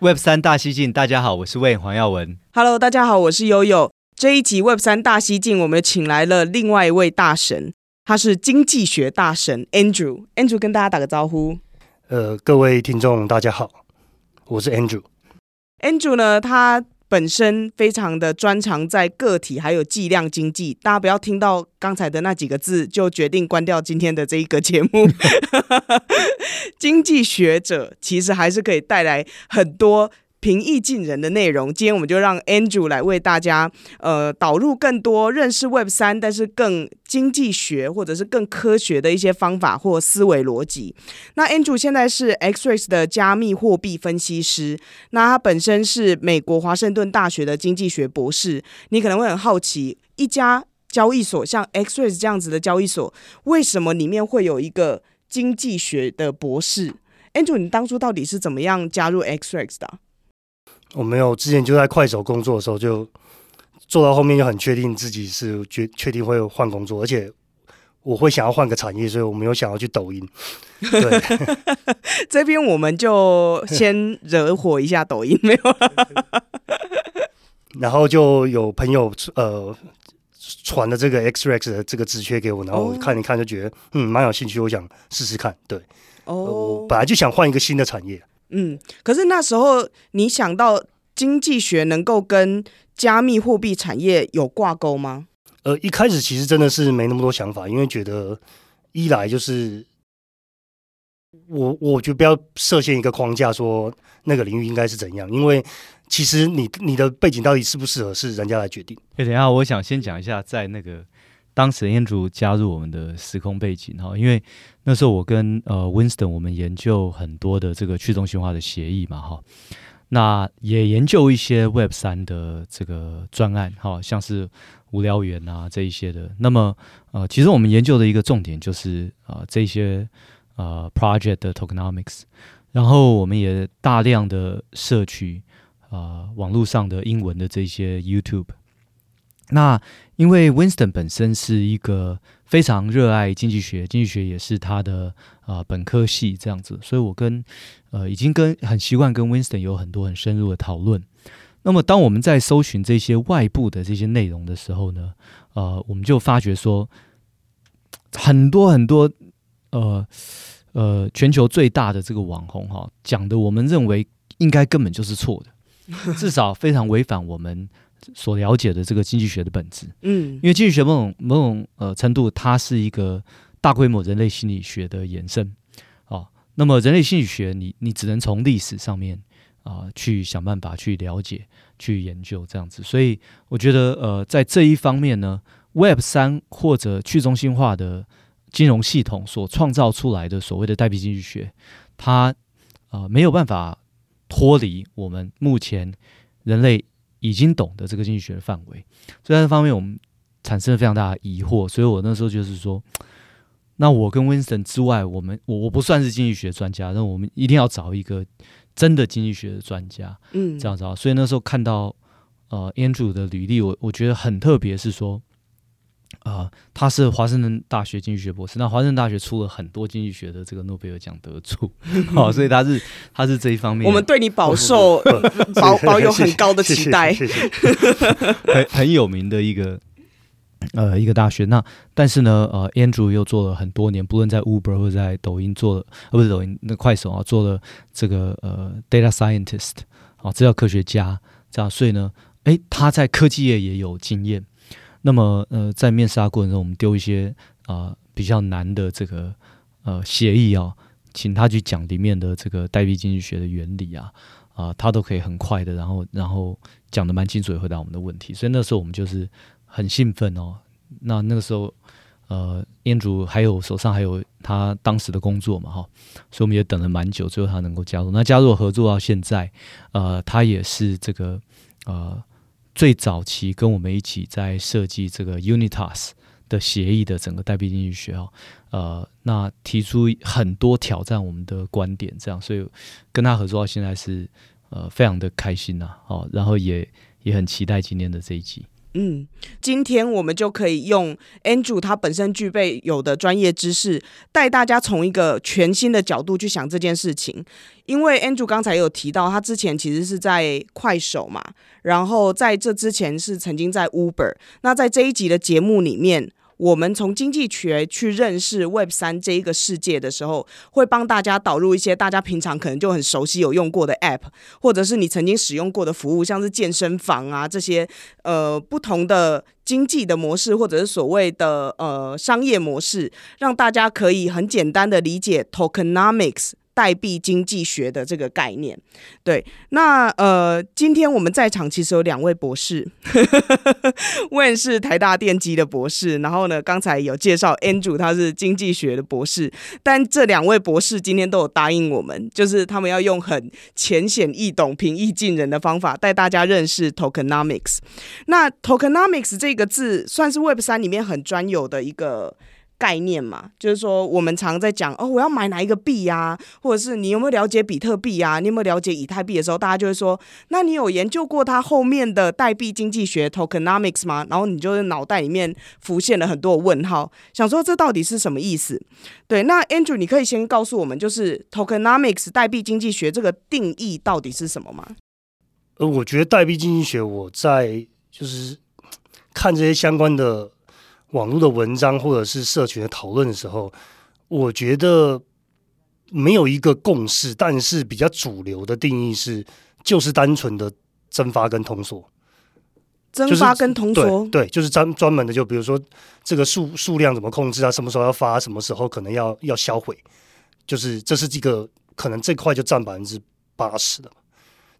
Web3 大西進，大家好，我是 Wayne 黃耀文。Hello，大家好，我是 Yoyo。這一集 Web3 大西進，我們請來了另外一位大神，他是經濟學大神 Andrew。Andrew 跟大家打個招呼。呃，各位聽眾，大家好，我是 Andrew。Andrew 呢，他。本身非常的專長在個體還有計量經濟，大家不要聽到剛才的那幾個字就決定關掉今天的這一個節目。 經濟學者其實還是可以帶來很多平易近人的內容，今天我們就讓 Andrew 來為大家，呃，導入更多認識 Web3，但是更經濟學或者是更科學的一些方法或思維邏輯。那 Andrew 現在是 XREX 的加密貨幣分析師，那他本身是美國華盛頓大學的經濟學博士。你可能會很好奇，一家交易所像 XREX 這樣子的交易所，為什麼裡面會有一個經濟學的博士？Andrew，你當初到底是怎麼樣加入 XREX 的？我沒有之前就在快手工作的時候就做到後面，就很確定自己是決確定會換工作，而且我會想要換個產業，所以我沒有想要去抖音。對， 這邊我們就先惹火一下抖音，沒有？然後就有朋友呃傳的這個 XREX 的這個職缺給我，然後我看一看就覺得、oh. 嗯蠻有興趣，我想試試看。對，哦、oh. 呃，我本來就想換一個新的產業。嗯，可是那時候你想到經濟學能夠跟加密貨幣產業有掛鈎嗎？呃，一開始其實真的是沒那麼多想法，因為覺得一來就是我，我就不要設限一個框架，說那個領域應該是怎樣，因為其實你你的背景到底適不適合，是人家來決定。哎、欸，等下，我想先講一下在那個。當時 Andrew 加入我們的時空背景哈，因為那時候我跟呃 Winston 我們研究很多的這個去中心化的協議嘛哈，那也研究一些 Web 三的這個專案哈，像是無聊猿啊這一些的。那麼呃，其實我們研究的一個重點就是啊、呃、這些呃 Project 的 Tokenomics，然後我們也大量的攝取啊網絡上的英文的這些 YouTube。那因為 Winston 本身是一個非常熱愛經濟學，經濟學也是他的呃本科系這樣子，所以我跟呃已經跟很習慣跟 Winston 有很多很深入的討論。那麼當我們在搜尋這些外部的這些內容的時候呢，呃，我們就發覺說，很多很多呃呃全球最大的這個網紅哈講的，我們認為應該根本就是錯的， 至少非常違反我們所了解的這個經濟學的本質，嗯，因為經濟學某種某種呃程度，它是一個大規模人類心理學的延伸啊、哦。那麼人類心理學你，你你只能從歷史上面啊、呃、去想辦法去了解、去研究這樣子。所以我覺得呃，在這一方面呢，Web 三或者去中心化的金融系統所創造出來的所謂的代幣經濟學，它、呃、沒有辦法脫離我們目前人類。已經懂得這個經濟學的範圍，所以在這方面我們產生了非常大的疑惑。所以我那時候就是說，那我跟 Winston 之外，我們我我不算是經濟學專家，但我們一定要找一個真的經濟學的專家，嗯，這樣子。所以那時候看到呃 Andrew 的履歷，我我覺得很特別，是說。啊、呃，他是華盛頓大學經濟學博士。那華盛頓大學出了很多經濟學的這個諾貝爾獎得主，好、 啊，所以他是他是這一方面。我們對你飽受飽保有很高的期待，很 很有名的一個呃一個大學。那但是呢，呃，Andrew 又做了很多年，不論在 Uber 或者在抖音做了，了、啊、不是抖音，那快手啊，做了這個呃 Data Scientist，啊，資料科學家這樣。所以呢，哎、欸，他在科技業也有經驗。那麼呃，在面試啊過程中，我們丟一些啊、呃、比較難的這個呃協議啊、哦，請他去講裡面的這個代幣經濟學的原理啊啊、呃，他都可以很快的，然後然後講得蠻清楚，也回答我們的問題，所以那時候我們就是很興奮哦。那那個時候呃，安祖還有手上還有他當時的工作嘛哈、哦，所以我們也等了蠻久，最後他能夠加入。那加入合作到現在，呃，他也是這個呃。最早期跟我們一起在設計這個 Unitas 的協議的整個代幣經濟學哦，呃，那提出很多挑戰我們的觀點這樣，所以跟他合作到現在是呃非常的開心吶、啊，好、哦，然後也也很期待今天的這一集。嗯，今天我們就可以用 Andrew 他本身具備有的專業知識，帶大家從一個全新的角度去想這件事情。因為 Andrew 剛才有提到，他之前其實是在快手嘛，然後在這之前是曾經在 Uber，那在這一集的節目裡面，我們從經濟學去認識 Web3 這一個世界的時候，會幫大家導入一些大家平常可能就很熟悉、有用過的 App，或者是你曾經使用過的服務，像是健身房啊這些，呃，不同的經濟的模式，或者是所謂的呃商業模式，讓大家可以很簡單的理解 Tokenomics。代幣經濟學的這個概念，對，那呃，今天我們在場其實有兩位博士，我 Wayne 是台大電機的博士，然後呢，剛才有介紹 Andrew 他是經濟學的博士，但這兩位博士今天都有答應我們，就是他們要用很淺顯易懂、平易近人的方法帶大家認識 Tokenomics。那 Tokenomics 這個字算是 Web3 裡面很專有的一個。概念嘛，就是說我們常在講哦，我要買哪一個幣呀、啊，或者是你有沒有了解比特幣呀、啊？你有沒有了解以太幣的時候，大家就會說，那你有研究過它後面的代幣經濟學 （Tokenomics） 嗎？然後你就是腦袋裡面浮現了很多問號，想說這到底是什麼意思？對，那 Andrew，你可以先告訴我們，就是 Tokenomics 代幣經濟學這個定義到底是什麼嗎？呃，我覺得代幣經濟學，我在就是看這些相關的。網絡的文章或者是社群的討論的時候，我覺得沒有一個共識，但是比較主流的定義是，就是單純的增發跟通縮。增發跟通縮、就是、對,對，就是專專門的，就比如說這個數數量怎麼控制啊，什麼時候要發，什麼時候可能要要銷毀，就是這是一個可能這塊就占百分之八十的。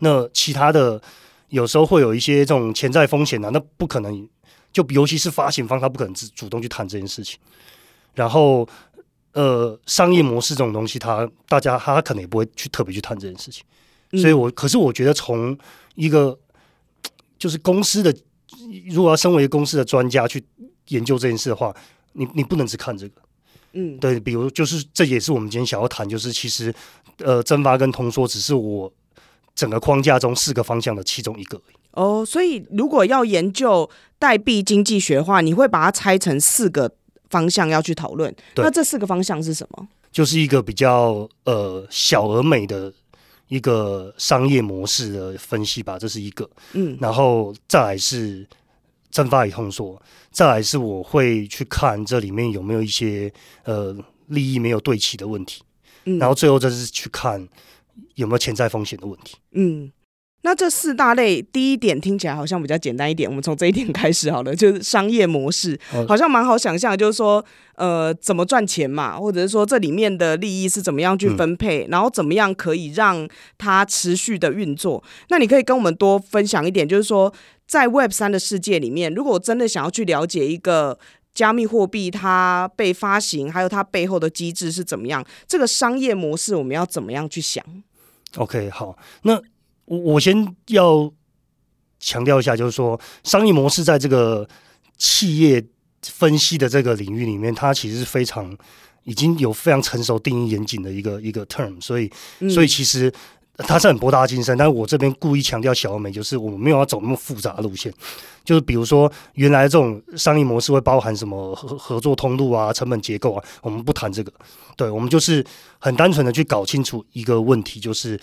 那其他的有時候會有一些這種潛在風險的、啊，那不可能。就尤其是發行方，他不可能只主動去談這件事情。然後，呃，商業模式這種東西，他大家他可能也不會去特別去談這件事情。所以我，可是我覺得從一個就是公司的，如果要身為公司的專家去研究這件事的話，你你不能只看這個，嗯，對。比如，就是這也是我們今天想要談，就是其實，呃，增發跟通縮只是我整個框架中四個方向的其中一個。哦，oh, 所以如果要研究代幣經濟學的話，你會把它拆成四個方向要去討論。對那這四個方向是什麼？就是一個比較呃小而美的一個商業模式的分析吧，這是一個。嗯，然後再來是增發與通縮，再來是我會去看這裡面有沒有一些呃利益沒有對齊的問題。嗯，然後最後再是去看有沒有潛在風險的問題。嗯。那這四大類，第一點聽起來好像比較簡單一點，我們從這一點開始好了，就是商業模式，嗯、好像蠻好想象，就是說，呃，怎麼賺錢嘛，或者是說這裡面的利益是怎麼樣去分配，嗯、然後怎麼樣可以讓它持續的運作。那你可以跟我們多分享一點，就是說，在 Web 三的世界裡面，如果我真的想要去了解一個加密貨幣，它被發行，還有它背後的機制是怎麼樣，這個商業模式我們要怎麼樣去想？OK，好，那。我我先要強調一下，就是說，商業模式在這個企業分析的這個領域裡面，它其實是非常已經有非常成熟、定義嚴謹的一個一個 term。所以，所以其實它是很博大精深。但是我這邊故意強調小而美，就是我們沒有要走那麼複雜的路線。就是比如說，原來這種商業模式會包含什麼合合作通路啊、成本結構啊，我們不談這個。對，我們就是很單純的去搞清楚一個問題，就是。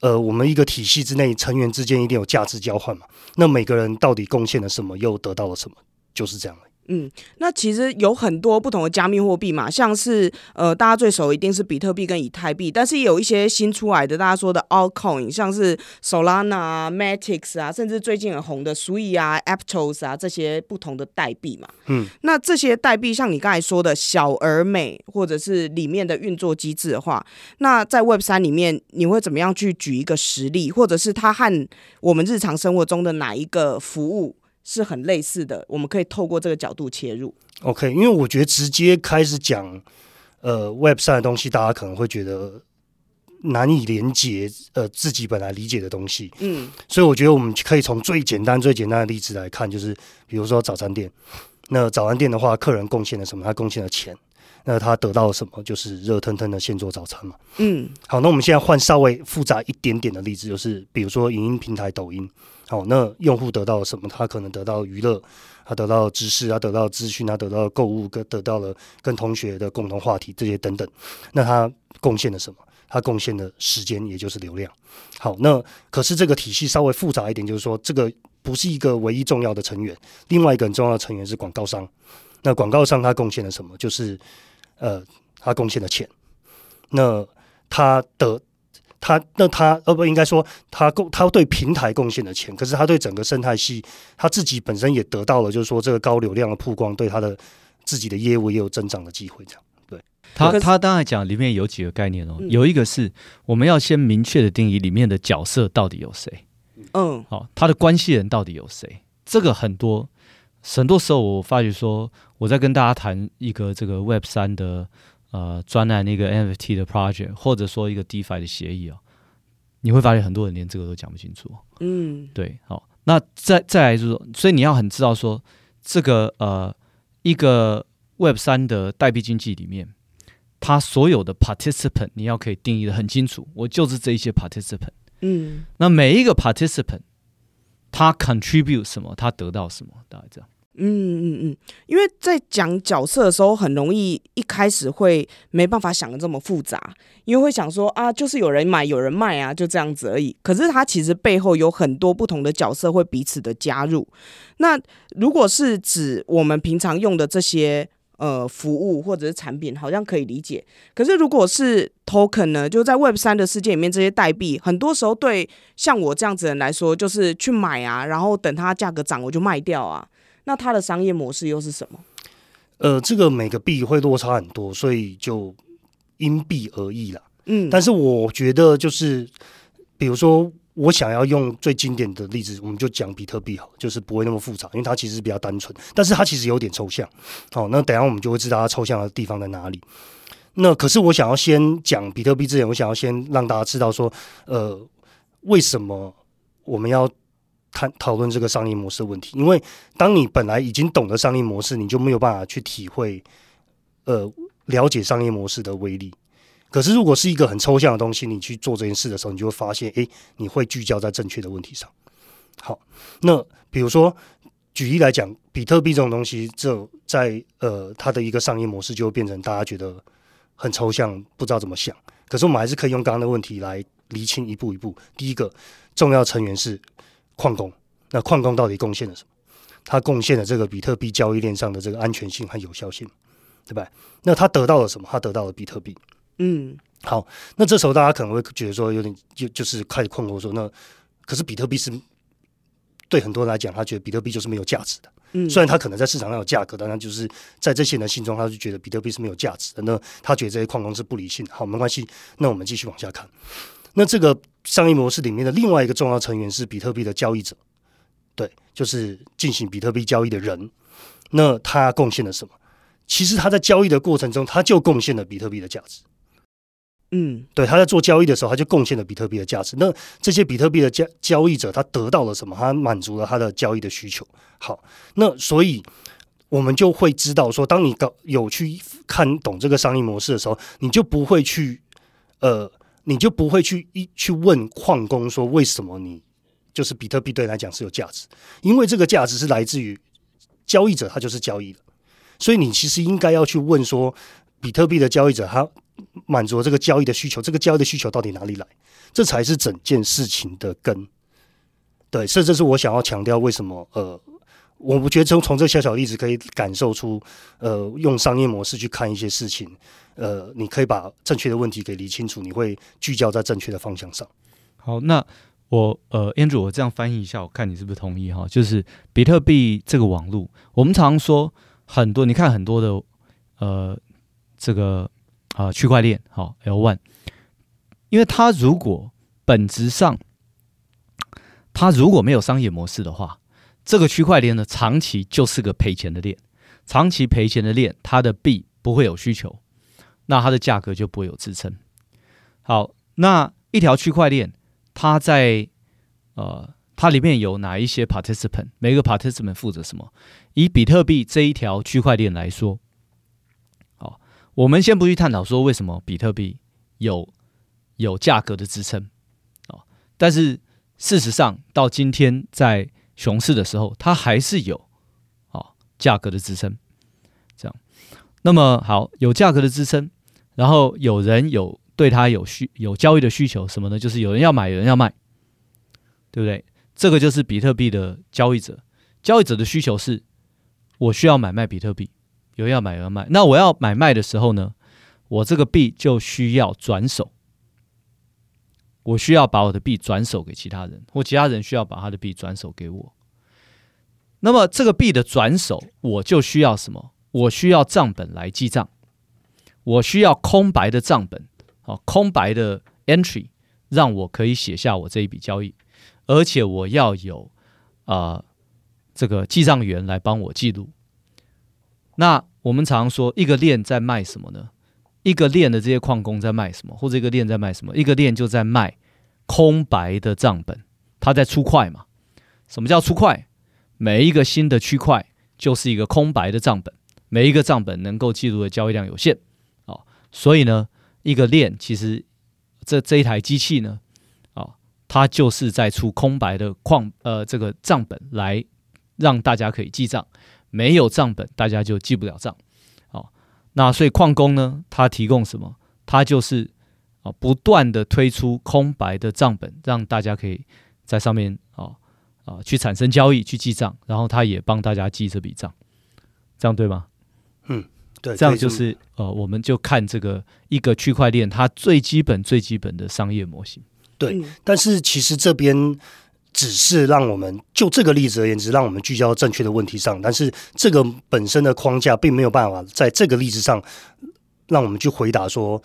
呃，我們一個體系之內成員之間一定有價值交換嘛，那每個人到底貢獻了什麼，又得到了什麼？就是這樣。嗯，那其實有很多不同的加密貨幣嘛，像是呃，大家最熟一定是比特幣跟以太幣，但是也有一些新出來的，大家說的 altcoin，像是 Solana、Matics 啊，甚至最近很紅的 Sui 啊、Aptos 啊這些不同的代幣嘛。嗯，那這些代幣像你剛才說的小而美，或者是裡面的運作機制的話，那在 Web 3裡面你會怎麼樣去舉一個實例，或者是它和我們日常生活中的哪一個服務？是很類似的，我們可以透過這個角度切入。OK，因為我覺得直接開始講呃 Web 上的東西，大家可能會覺得難以連接呃自己本來理解的東西。嗯，所以我覺得我們可以從最簡單、最簡單的例子來看，就是比如說早餐店。那早餐店的話，客人貢獻了什麼？他貢獻了錢。那他得到了什麼？就是熱騰騰的現做早餐嘛。嗯，好，那我們現在換稍微複雜一點點的例子，就是比如說影音平台抖音。好，那用戶得到了什麼？他可能得到娛樂，他得到知識，他得到資訊，他得到購物，跟得到了跟同學的共同話題這些等等。那他貢獻了什麼？他貢獻的時間，也就是流量。好，那可是這個體系稍微複雜一點，就是說這個不是一個唯一重要的成員，另外一個很重要的成員是廣告商。那廣告商他貢獻了什麼？就是呃，他貢獻的錢。那他的。他那他呃不應該說他共他對平台貢獻的錢，可是他對整個生態系，他自己本身也得到了，就是說這個高流量的曝光，對他的自己的業務也有增長的機會。這樣，對他他剛才講裡面有幾個概念哦，嗯、有一個是我們要先明確的定義裡面的角色到底有誰，嗯，好，他的關係人到底有誰，這個很多很多時候我發覺說我在跟大家談一個這個 Web 三的。呃，專在那個 NFT 的 project，或者說一個 DeFi 的協議哦、啊，你會發現很多人連這個都講不清楚，啊。嗯，對，好，那再再來就是說，所以你要很知道說，這個呃一個 Web 三的代幣經濟裡面，它所有的 participant 你要可以定義的很清楚，我就是這一些 participant。嗯，那每一個 participant，他 contribute 什麼，他得到什麼，大概這樣。嗯嗯嗯，因為在講角色的時候，很容易一開始會沒辦法想得這麼複雜，因為會想說啊，就是有人買有人賣啊，就這樣子而已。可是它其實背後有很多不同的角色會彼此的加入。那如果是指我們平常用的這些呃服務或者是產品，好像可以理解。可是如果是 token 呢，就在 Web3 的世界裡面，這些代幣很多時候對像我這樣子的人來說，就是去買啊，然後等它價格漲，我就賣掉啊。那它的商業模式又是什麼？呃，這個每個幣會落差很多，所以就因幣而異啦。嗯，但是我覺得就是，比如說我想要用最經典的例子，我們就講比特幣好了，就是不會那麼複雜，因為它其實比較單純，但是它其實有點抽象。好、哦，那等一下我們就會知道它抽象的地方在哪裡。那可是我想要先講比特幣之前，我想要先讓大家知道說，呃，為什麼我們要？談討論這個商業模式的問題，因為當你本來已經懂得商業模式，你就沒有辦法去體會、呃了解商業模式的威力。可是，如果是一個很抽象的東西，你去做這件事的時候，你就會發現，誒，你會聚焦在正確的問題上。好，那比如說舉例來講，比特幣這種東西，就在呃它的一個商業模式就會變成大家覺得很抽象，不知道怎麼想。可是，我們還是可以用剛剛的問題來釐清一步一步。第一個重要成員是，礦工，那礦工到底貢獻了什麼？他貢獻了這個比特幣交易鏈上的這個安全性和有效性，對吧？那他得到了什麼？他得到了比特幣。嗯，好。那這時候大家可能會覺得說，有點就就是開始困惑說，那可是比特幣是對很多人來講，他覺得比特幣就是沒有價值的。嗯，雖然他可能在市場上有價格，當然就是在這些人的心中，他就覺得比特幣是沒有價值的。那他覺得這些礦工是不理性的。好，沒關係，那我們繼續往下看。那這個商業模式裡面的另外一個重要成員是比特幣的交易者，對，就是進行比特幣交易的人。那他貢獻了什麼？其實他在交易的過程中，他就貢獻了比特幣的價值。嗯，對，他在做交易的時候，他就貢獻了比特幣的價值。那這些比特幣的交交易者，他得到了什麼？他滿足了他的交易的需求。好，那所以我們就會知道說，當你有去看懂這個商業模式的時候，你就不會去呃。你就不會去一去問礦工說，為什麼你就是比特幣對你來講是有價值？因為這個價值是來自於交易者，他就是交易的。所以你其實應該要去問說，比特幣的交易者，他滿足了這個交易的需求，這個交易的需求到底哪裡來？這才是整件事情的根。對，所以這是我想要強調為什麼呃。我不覺得從從這小小的例子可以感受出，呃，用商業模式去看一些事情，呃，你可以把正確的問題給理清楚，你會聚焦在正確的方向上。好，那我呃，Andrew，我這樣翻譯一下，我看你是不是同意哈、哦？就是比特幣這個網絡，我們常常說很多，你看很多的呃，這個啊，區塊鏈，好、哦，L one，因為它如果本質上，它如果沒有商業模式的話。這個區塊鏈呢，長期就是個賠錢的鏈，長期賠錢的鏈，它的幣不會有需求，那它的價格就不會有支撐。好，那一條區塊鏈，它在呃，它裡面有哪一些 participant？每個 participant 負責什麼？以比特幣這一條區塊鏈來說，好，我們先不去探討說為什麼比特幣有有價格的支撐，哦，但是事實上到今天在熊市的時候，它還是有啊、哦、價格的支撐，這樣。那麼好，有價格的支撐，然後有人有對它有需有交易的需求，什麼呢？就是有人要買，有人要賣，對不對？這個就是比特幣的交易者。交易者的需求是，我需要買賣比特幣，有人要買，有人要賣。那我要買賣的時候呢，我這個幣就需要轉手。我需要把我的幣轉手給其他人，或其他人需要把他的幣轉手給我。那麼這個幣的轉手，我就需要什麼？我需要賬本來記賬，我需要空白的賬本，啊，空白的 entry 讓我可以寫下我這一筆交易，而且我要有啊、呃、這個記賬員來幫我記錄。那我們常說一個鏈在賣什麼呢？一個鏈的這些礦工在賣什麼，或者一個鏈在賣什麼？一個鏈就在賣空白的賬本，它在出塊嘛？什麼叫出塊？每一個新的區塊就是一個空白的賬本，每一個賬本能夠記錄的交易量有限，哦，所以呢，一個鏈其實這這一台機器呢，哦，它就是在出空白的礦呃這個賬本來讓大家可以記賬，沒有賬本大家就記不了賬。那所以礦工呢？他提供什麼？他就是啊，不斷的推出空白的賬本，讓大家可以在上面啊啊去產生交易，去記賬，然後他也幫大家記這筆賬，這樣對嗎？嗯，對，這樣就是呃，我們就看這個一個區塊鏈它最基本最基本的商業模型。對，但是其實這邊。只是讓我們就這個例子而言，只讓我們聚焦到正確的問題上。但是，這個本身的框架並沒有辦法在這個例子上讓我們去回答說，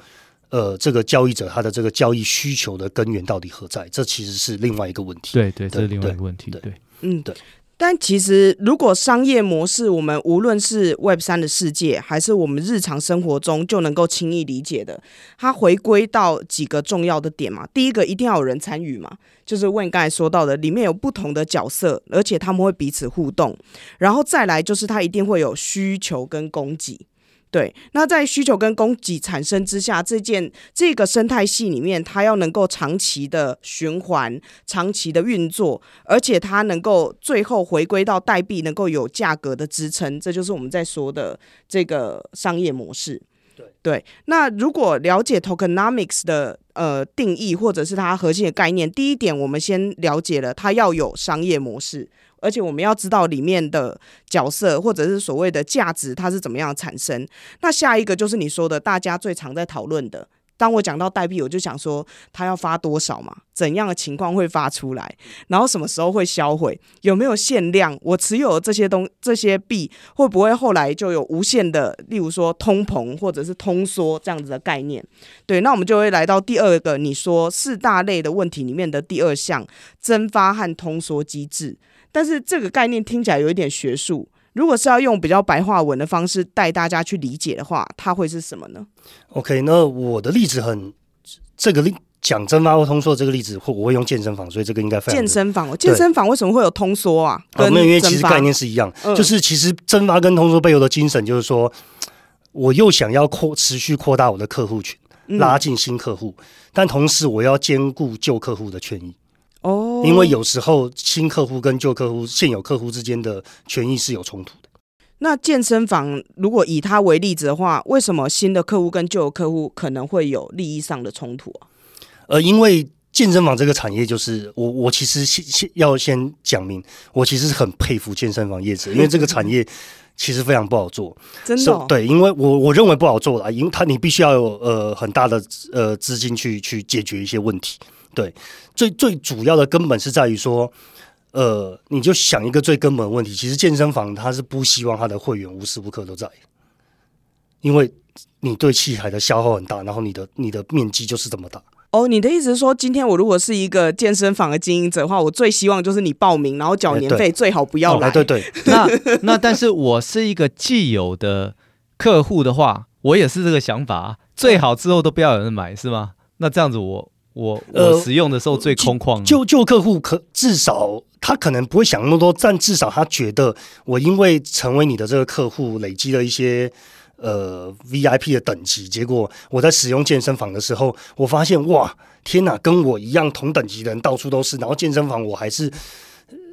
呃，這個交易者他的這個交易需求的根源到底何在？這其實是另外一個問題。嗯、對，對對，這是另外一個問題。對，嗯，對。但其實，如果商業模式，我們無論是 Web3 的世界，還是我們日常生活中，就能夠輕易理解的，它回歸到幾個重要的點嘛。第一個，一定要有人參與嘛，就是問剛才說到的，裡面有不同的角色，而且他們會彼此互動。然後再來就是，它一定會有需求跟供給。對，那在需求跟供給產生之下，這件這個生態系裡面，它要能夠長期的循環、長期的運作，而且它能夠最後回歸到代幣，能夠有價格的支撐，這就是我們在說的這個商業模式。對，對，那如果了解 Tokenomics 的呃定義，或者是它核心的概念，第一點我們先了解了，它要有商業模式。而且我們要知道裡面的角色，或者是所謂的價值，它是怎麼樣產生？那下一個就是你說的大家最常在討論的。當我講到代幣，我就想說它要發多少嘛？怎樣的情況會發出來？然後什麼時候會銷毀？有沒有限量？我持有這些東這些幣會不會後來就有無限的？例如說通膨或者是通縮這樣子的概念？對，那我們就會來到第二個你說四大類的問題裡面的第二項：增發和通縮機制。但是這個概念聽起來有一點學術。如果是要用比較白話文的方式帶大家去理解的話，它會是什麼呢？OK，那我的例子很，這個講增發或通縮這個例子，或我會用健身房，所以這個應該非常健身房。對健身房為什麼會有通縮啊？我、啊、因為其實概念是一樣，嗯、就是其實增發跟通縮背後的精神，就是說，我又想要擴持續擴大我的客戶群，拉進新客戶，嗯、但同時我要兼顧舊客戶的權益。哦，因為有時候新客戶跟舊客戶、現有客戶之間的權益是有衝突的。那健身房如果以它為例子的話，為什麼新的客戶跟舊客戶可能會有利益上的衝突啊？呃，因為健身房這個產業就是我，我其實先先要先講明，我其實很佩服健身房業者，因為這個產業其實非常不好做，真的，哦？so, 對，因為我我認為不好做的，因為他你必須要有呃很大的呃資金去去解決一些問題。對，最最主要的根本是在於說，呃，你就想一個最根本的問題，其實健身房它是不希望它的會員無時無刻都在，因為你對器材的消耗很大，然後你的你的面積就是這麼大。哦，你的意思是說，今天我如果是一個健身房的經營者的話，我最希望就是你報名然後繳年費，最好不要來。哎、對對，對，對。那 那，那但是我是一個既有的客戶的話，我也是這個想法，最好之後都不要有人買，是嗎？那這樣子我。我我使用的時候最空曠、呃，就就客戶可至少他可能不會想那麼多，但至少他覺得我因為成為你的這個客戶，累積了一些呃 VIP 的等級。結果我在使用健身房的時候，我發現哇天哪，跟我一樣同等級的人到處都是。然後健身房我還是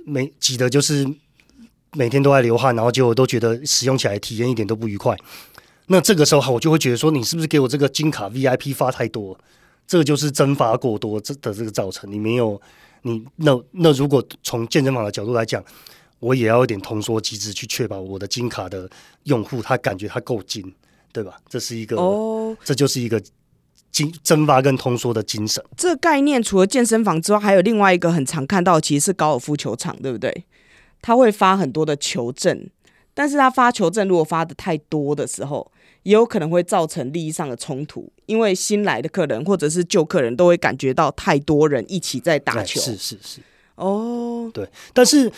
每擠的就是每天都在流汗，然後就都覺得使用起來體驗一點都不愉快。那這個時候我就會覺得說，你是不是給我這個金卡 VIP 發太多？這個就是增發過多這的這個造成，你沒有你那那如果從健身房的角度來講，我也要一點通縮機制去確保我的金卡的用戶他感覺他夠金，對吧？這是一個哦，這就是一個金增發跟通縮的精神。這個概念除了健身房之外，還有另外一個很常看到，其實是高爾夫球場，對不對？他會發很多的球證，但是他發球證如果發得太多的時候，也有可能會造成利益上的衝突，因為新來的客人或者是舊客人都會感覺到太多人一起在打球。是是、哎、是，哦，oh, 對。但是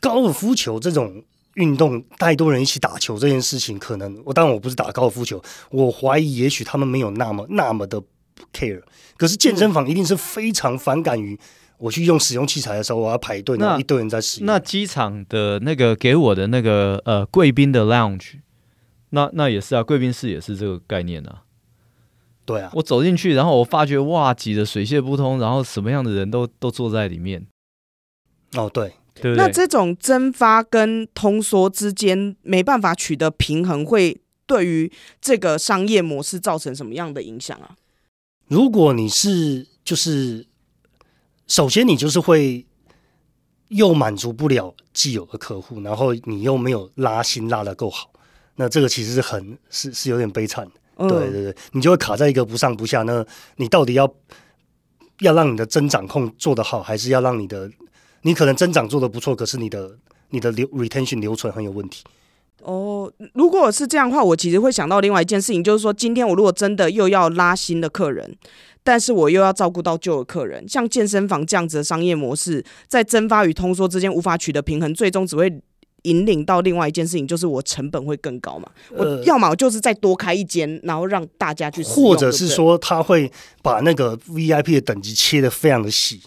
高爾夫球這種運動太多人一起打球這件事情，可能我當然我不是打高爾夫球，我懷疑也許他們沒有那麼那麼的 care。可是健身房一定是非常反感於我去用使用器材的時候，我要排隊，那一堆人在使用那。那機場的那個給我的那個呃貴賓的 lounge。那那也是啊，貴賓室也是這個概念啊。對啊，我走進去，然後我發覺哇，擠得水泄不通，然後什麼樣的人都都坐在裡面。哦，對對，對。那這種增發跟通縮之間沒辦法取得平衡，會對於這個商業模式造成什麼樣的影響啊？如果你是就是，首先你就是會又滿足不了既有的客戶，然後你又沒有拉新拉得夠好。那這個其實很是很是是有點悲慘，嗯，對對對，你就會卡在一個不上不下。那你到底要要讓你的增長控做得好，還是要讓你的你可能增長做得不錯，可是你的你的留 retention 留存很有問題。哦，如果是這樣的話，我其實會想到另外一件事情，就是說今天我如果真的又要拉新的客人，但是我又要照顧到舊的客人，像健身房這樣子的商業模式，在增發與通縮之間無法取得平衡，最終只會。引領到另外一件事情，就是我成本會更高嘛？呃、我要麼就是再多開一間，然後讓大家去使用，或者是說，他會把那個 V I P 的等級切得非常的細。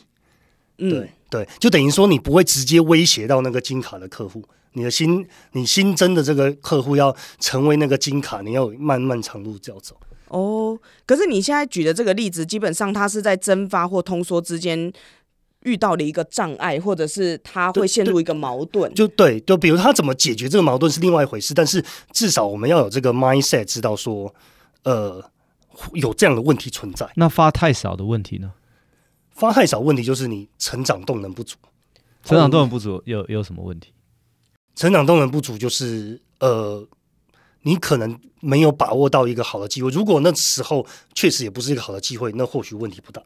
嗯，對，對，就等於說你不會直接威脅到那個金卡的客戶。你的新你新增的這個客戶要成為那個金卡，你要漫漫長路就要走。哦，可是你現在舉的這個例子，基本上它是在增發或通縮之間。遇到了一個障礙，或者是他會陷入一個矛盾。對、對、就對，就比如他怎麼解決這個矛盾是另外一回事，但是至少我們要有這個 mindset，知道說，呃，有這樣的問題存在。那發太少的問題呢？發太少的問題就是你成長動能不足。成長動能不足有、嗯、有什麼問題？成長動能不足就是呃，你可能沒有把握到一個好的機會。如果那時候確實也不是一個好的機會，那或許問題不大。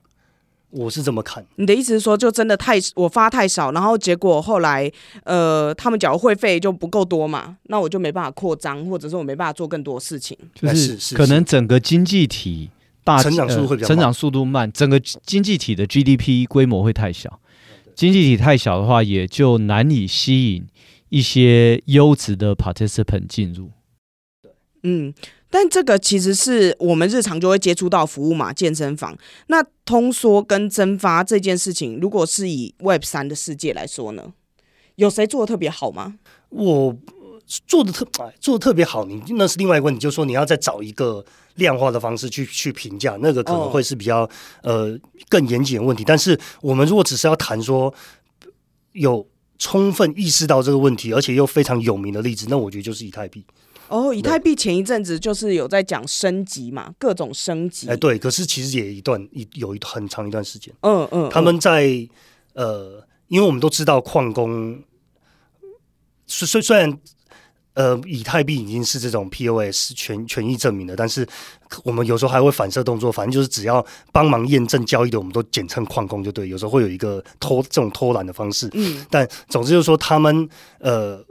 我是怎麼看？你的意思是說，就真的太我發太少，然後結果後來，呃，他們繳會費就不夠多嘛，那我就沒辦法擴張，或者是我沒辦法做更多事情。就是可能整個經濟體大成長速度會比較慢，成長速度慢，整個經濟體的 GDP 規模會太小。經濟體太小的話，也就難以吸引一些優質的 participant 進入。對，嗯。但這個其實是我們日常就會接觸到服務嘛，健身房。那通縮跟增發這件事情，如果是以 Web 三的世界來說呢，有誰做得特別好嗎？我做得特做得特別好，你那是另外一個問題，就是說你要再找一個量化的方式去去評價，那個可能會是比較、哦、呃更嚴謹的問題。但是我們如果只是要談說有充分意識到這個問題，而且又非常有名的例子，那我覺得就是以太幣。哦，oh, 以太幣前一陣子就是有在講升級嘛，對各種升級。哎，對，可是其實也一段一有一很長一段時間，嗯嗯，嗯他們在呃，因為我們都知道礦工，雖雖雖然呃，以太幣已經是這種 POS 權權益證明的，但是我們有時候還會反射動作，反正就是只要幫忙驗證交易的，我們都簡稱礦工就對。有時候會有一個偷這種偷懶的方式，嗯，但總之就是說他們呃。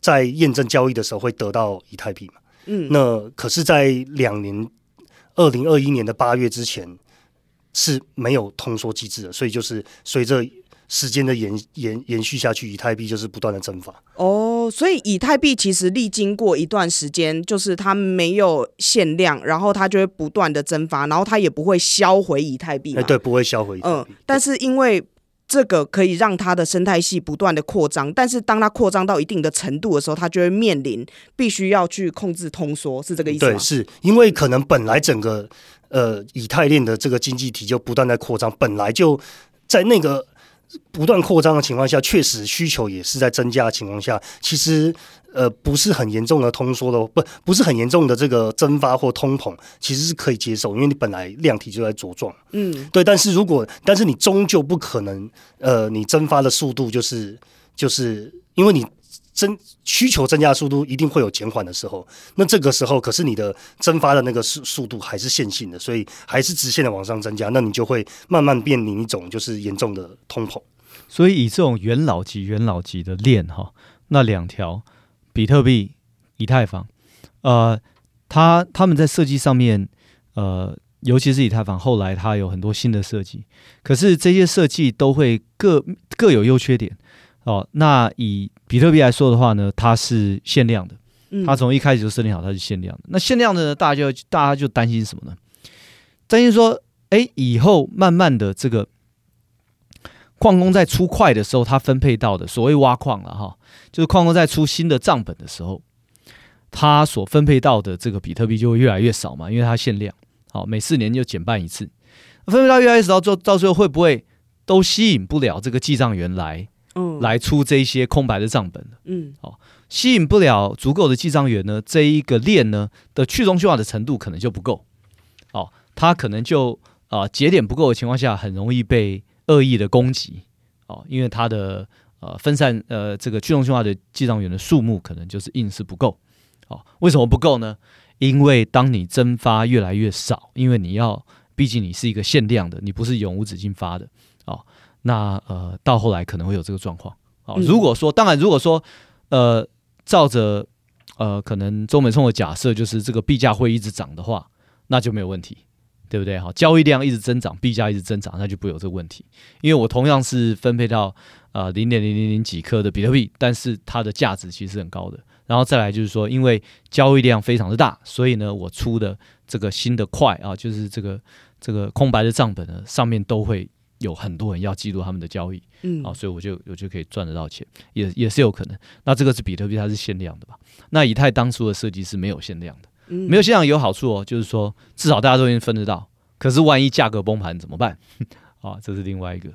在驗證交易的時候會得到以太幣嘛？嗯，那可是，在兩年二零二一年的八月之前是沒有通縮機制的，所以就是隨着時間的延延延續下去，以太幣就是不斷的增發。哦，所以以太幣其實歷經過一段時間，就是它沒有限量，然後它就會不斷的增發，然後它也不會銷毀以太幣。哎，對，不會銷毀嗯、呃，但是因為這個可以讓它的生態系不斷的擴張，但是當它擴張到一定的程度的時候，它就會面臨必須要去控制通縮，是這個意思嗎？對，是因為可能本來整個呃以太鏈的這個經濟體就不斷在擴張，本來就在那個不斷擴張的情況下，確實需求也是在增加的情況下，其實。呃，不是很嚴重的通縮的，不不是很嚴重的這個增發或通膨，其實是可以接受，因為你本來量體就在茁壯，嗯，對。但是如果，但是你終究不可能，呃，你增發的速度就是就是，因為你增需求增加速度一定會有減緩的時候，那這個時候可是你的增發的那個速速度還是線性的，所以還是直線的往上增加，那你就會慢慢變另一種就是嚴重的通膨。所以以這種元老級元老級的鏈哈，那兩條。比特幣、以太坊，呃，他他們在設計上面，呃，尤其是以太坊，後來他有很多新的設計，可是這些設計都會各各有優缺點哦、呃。那以比特幣來說的話呢，它是限量的，它、嗯、從一開始就設定好它是限量的。那限量的呢，大家就大家就擔心什麼呢？擔心說，哎，以後慢慢的這個。礦工在出塊的時候，他分配到的所謂挖礦了哈，就是礦工在出新的賬本的時候，他所分配到的這個比特幣就會越來越少嘛，因為它限量，好，每四年就減半一次。分配到越來越少，就到最後會不會都吸引不了這個記賬員來，嗯、哦，來出這一些空白的賬本？嗯，好，吸引不了足夠的記賬員呢，這一個鏈呢的去中心化的程度可能就不夠，哦，它可能就啊、呃、節點不夠的情況下，很容易被。惡意的攻擊，哦，因為它的呃分散，呃這個去中心化的記賬員的數目可能就是硬是不夠，哦，為什麼不夠呢？因為當你增發越來越少，因為你要畢竟你是一個限量的，你不是永無止境發的，哦，那呃到後來可能會有這個狀況，哦，嗯、如果說當然如果說呃照着呃可能中本聰的假設，就是這個幣價會一直漲的話，那就沒有問題。對不對？哈，交易量一直增長，幣價一直增長，那就不有這個問題。因為我同樣是分配到啊零點零零零幾克的比特幣，但是它的價值其實是很高的。然後再來就是說，因為交易量非常的大，所以呢，我出的這個新的塊啊，就是這個這個空白的賬本呢，上面都會有很多人要記錄他們的交易，嗯，好，啊，所以我就我就可以賺得到錢，也也是有可能。那這個是比特幣，它是限量的吧？那以太當初的設計是沒有限量的。沒有現場有好處哦，就是說至少大家都已經分得到。可是萬一價格崩盤怎麼辦？啊，這是另外一個。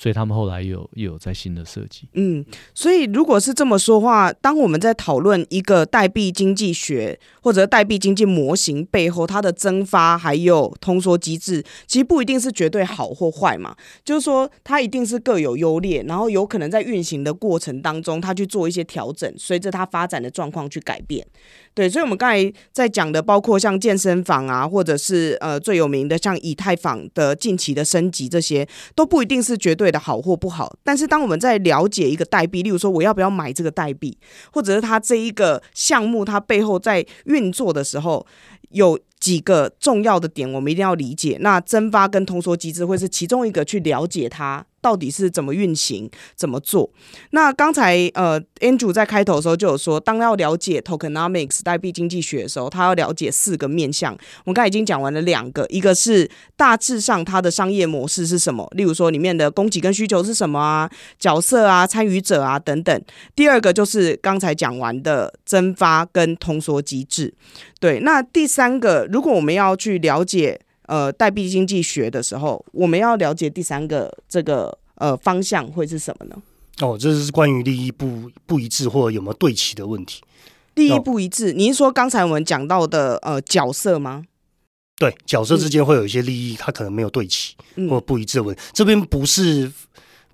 所以他們後來又又有在新的設計。嗯，所以如果是這麼說話，當我們在討論一個代幣經濟學或者代幣經濟模型背後它的增發還有通縮機制，其實不一定是絕對好或壞嘛。就是說，它一定是各有優劣，然後有可能在運行的過程當中，它去做一些調整，隨着它發展的狀況去改變。對，所以我們剛才在講的，包括像健身房啊，或者是呃最有名的像以太坊的近期的升級，這些都不一定是絕對。的好或不好，但是當我們在了解一個代幣，例如說我要不要買這個代幣，或者是它這一個項目它背後在運作的時候，有幾個重要的點我們一定要理解。那增發跟通縮機制會是其中一個去了解它。到底是怎麼運行、怎麼做？那剛才呃，Andrew 在開頭的時候就有說，當要了解 Tokenomics 代幣經濟學的時候，他要了解四個面向。我們剛才已經講完了兩個，一個是大致上它的商業模式是什麼，例如說裡面的供給跟需求是什麼啊、角色啊、參與者啊等等。第二個就是剛才講完的增發跟通縮機制。對，那第三個，如果我們要去了解。呃，代幣經濟學的時候，我們要了解第三個這個呃方向會是什麼呢？哦，這是關於利益不不一致或者有沒有對齊的問題。利益不一致，哦、你說剛才我們講到的呃角色嗎？對，角色之間會有一些利益，它、嗯、可能沒有對齊或不一致的問題。嗯、這邊不是。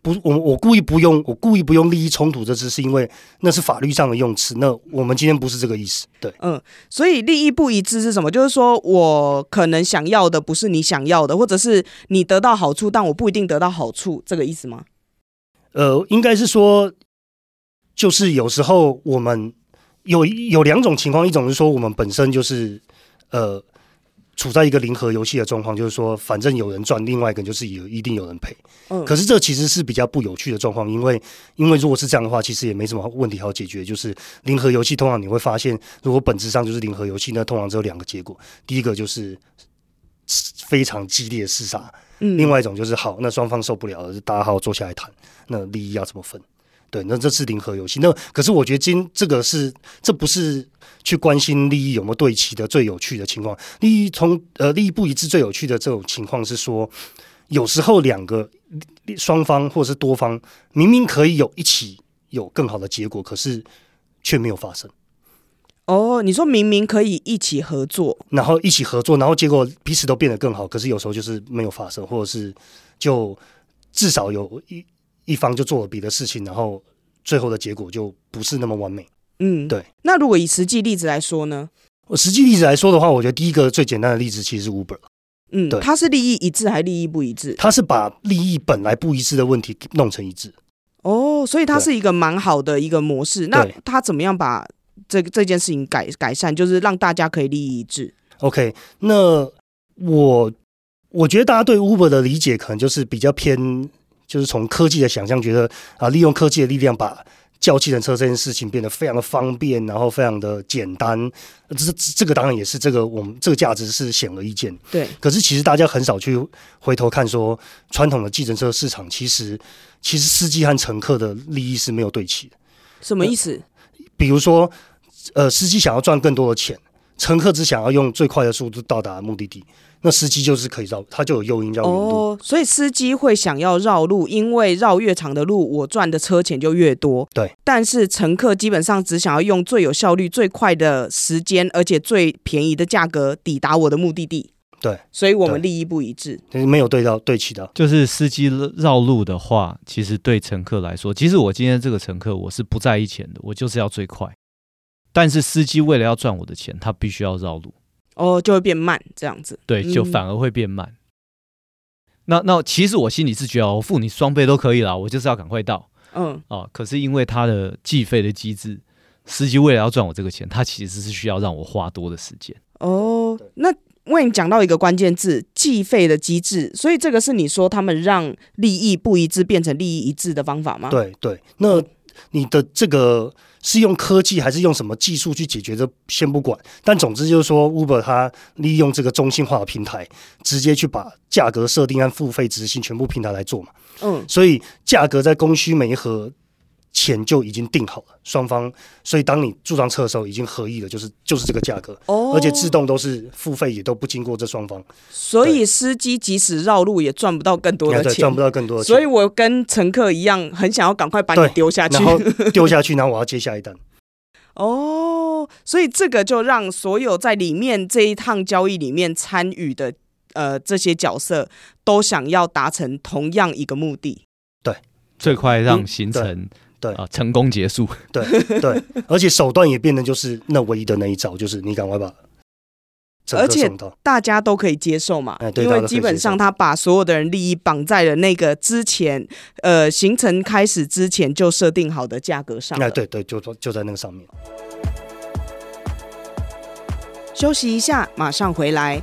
不，我我故意不用，我故意不用利益衝突這個詞，是因為那是法律上的用詞。那我們今天不是這個意思。對，嗯、呃，所以利益不一致是什麼？就是說我可能想要的不是你想要的，或者是你得到好處，但我不一定得到好處，這個意思嗎？呃，應該是說，就是有時候我們有有兩種情況，一種就是說我們本身就是，呃。處在一個零和遊戲的狀況，就是說，反正有人賺，另外一個就是有一定有人賠。嗯，可是這其實是比較不有趣的狀況，因為因為如果是這樣的話，其實也沒什麼問題好解決。就是零和遊戲通常你會發現，如果本質上就是零和遊戲，那通常只有兩個結果：第一個就是非常激烈的廝殺，嗯，另外一種就是好，那雙方受不了了，大家好好坐下來談，那利益要怎麼分？對，那這是零和遊戲。那可是我覺得今天這個是，這不是去關心利益有沒有對齊的最有趣的情況。利益從呃利益不一致最有趣的這種情況是說，有時候兩個雙方或者是多方明明可以有一起有更好的結果，可是卻沒有發生。哦，你說明明可以一起合作，然後一起合作，然後結果彼此都變得更好，可是有時候就是沒有發生，或者是就至少有一。一方就做了別的事情，然後最後的結果就不是那麼完美。嗯，對。那如果以實際例子來說呢？我實際例子來說的話，我覺得第一個最簡單的例子其實是 Uber。嗯，對它是利益一致還是利益不一致？它是把利益本來不一致的問題弄成一致。哦，所以它是一個蠻好的一個模式。對那它怎麼樣把這這件事情改改善，就是讓大家可以利益一致？OK，那我我覺得大家對 Uber 的理解可能就是比較偏。就是從科技的想象覺得啊，利用科技的力量，把叫計程車這件事情變得非常的方便，然後非常的簡單。這這個當然也是這個我們這個價值是顯而易見。對。可是其實大家很少去回頭看說，說傳統的計程車市場，其實其實司機和乘客的利益是沒有對齊的。什麼意思？啊，比如說，呃，司機想要賺更多的錢，乘客只想要用最快的速度到達目的地。那司機就是可以繞，他就有誘因叫哦，Oh, 所以司機會想要繞路，因為繞越長的路，我賺的車錢就越多。對，但是乘客基本上只想要用最有效率、最快的時間，而且最便宜的價格抵達我的目的地。對，所以我們利益不一致，沒有對到對齊的。就是司機繞路的話，其實對乘客來說，其實我今天這個乘客我是不在意錢的，我就是要最快。但是司機為了要賺我的錢，他必須要繞路。哦，就會變慢這樣子，對，嗯、就反而會變慢。那那其實我心裡是覺得，我付你雙倍都可以了，我就是要趕快到。嗯，啊、哦，可是因為他的計費的機制，司機為了要賺我這個錢，他其實是需要讓我花多的時間。哦，那我跟你講到一個關鍵字，計費的機制，所以這個是你說他們讓利益不一致變成利益一致的方法嗎？對對，那你的這個。是用科技還是用什麼技術去解決的，先不管。但總之就是說，Uber 它利用這個中心化的平台，直接去把價格設定按付費執行，全部平台來做嘛。嗯，所以價格在供需媒合。錢就已經定好了，雙方，所以當你坐上車的時候已經合意了，就是就是這個價格，哦、而且自動都是付費，也都不經過這雙方。所以司機即使繞路也賺不到更多的錢，啊、賺不到更多的錢。所以我跟乘客一樣，很想要趕快把你丟下去，然後丟下去， 然後我要接下一單。哦，所以這個就讓所有在裡面這一趟交易裡面參與的呃這些角色都想要達成同樣一個目的，對，最快讓行程、嗯。對啊，成功結束對。對對， 而且手段也變得就是那唯一的那一招，就是你趕快把。而且大家都可以接受嘛，欸、對，因為基本上他把所有的人利益綁在了那個之前，呃，行程開始之前就設定好的價格上，欸。對對，就在就在那個上面。休息一下，馬上回來。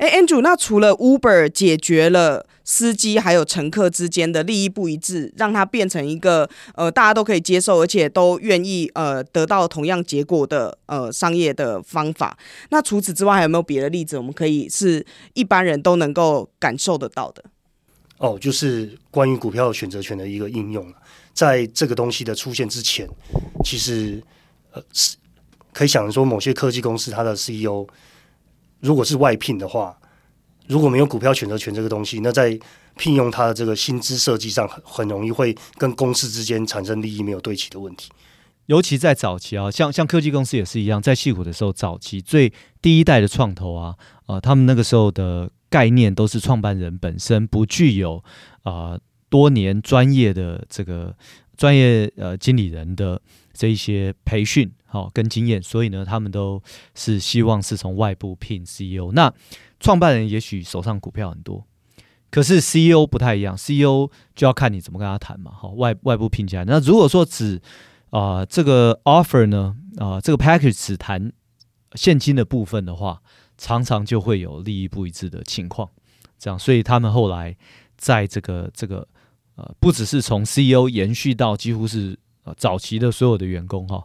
哎，Andrew，那除了 Uber 解決了司機還有乘客之間的利益不一致，讓它變成一個呃大家都可以接受而且都願意呃得到同樣結果的呃商業的方法，那除此之外還有沒有別的例子？我們可以是一般人都能夠感受得到的？哦，就是關於股票選擇權的一個應用了。在這個東西的出現之前，其實呃是可以想說某些科技公司它的 CEO。如果是外聘的話，如果沒有股票選擇權這個東西，那在聘用他的這個薪資設計上，很很容易會跟公司之間產生利益沒有對齊的問題。尤其在早期啊，像像科技公司也是一樣，在矽谷的時候，早期最第一代的創投啊啊、呃，他們那個時候的概念都是創辦人本身不具有啊、呃、多年專業的這個專業呃經理人的這一些培訓，好、哦、跟經驗，所以呢，他們都是希望是從外部聘 CEO。那創辦人也許手上股票很多，可是 CEO 不太一樣，CEO 就要看你怎麼跟他談嘛。好、哦，外外部聘請來。那如果說只啊、呃、這個 offer 呢，啊、呃、這個 package 只談現金的部分的話，常常就會有利益不一致的情況。這樣，所以他們後來在這個這個呃，不只是從 CEO 延續到幾乎是。早期的所有的員工哈，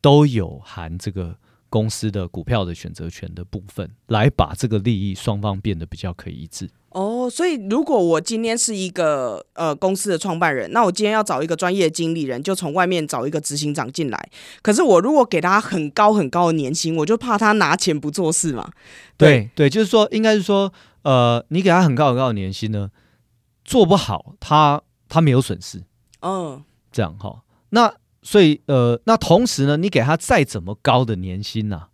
都有含這個公司的股票的選擇權的部分，來把這個利益雙方變得比較可以一致。哦，所以如果我今天是一個呃公司的創辦人，那我今天要找一個專業經理人，就從外面找一個執行長進來。可是我如果給他很高很高的年薪，我就怕他拿錢不做事嘛。對對,對，就是說，應該是說，呃，你給他很高很高的年薪呢，做不好，他他沒有損失。嗯，這樣哈。那所以呃，那同時呢，你給他再怎麼高的年薪吶、啊，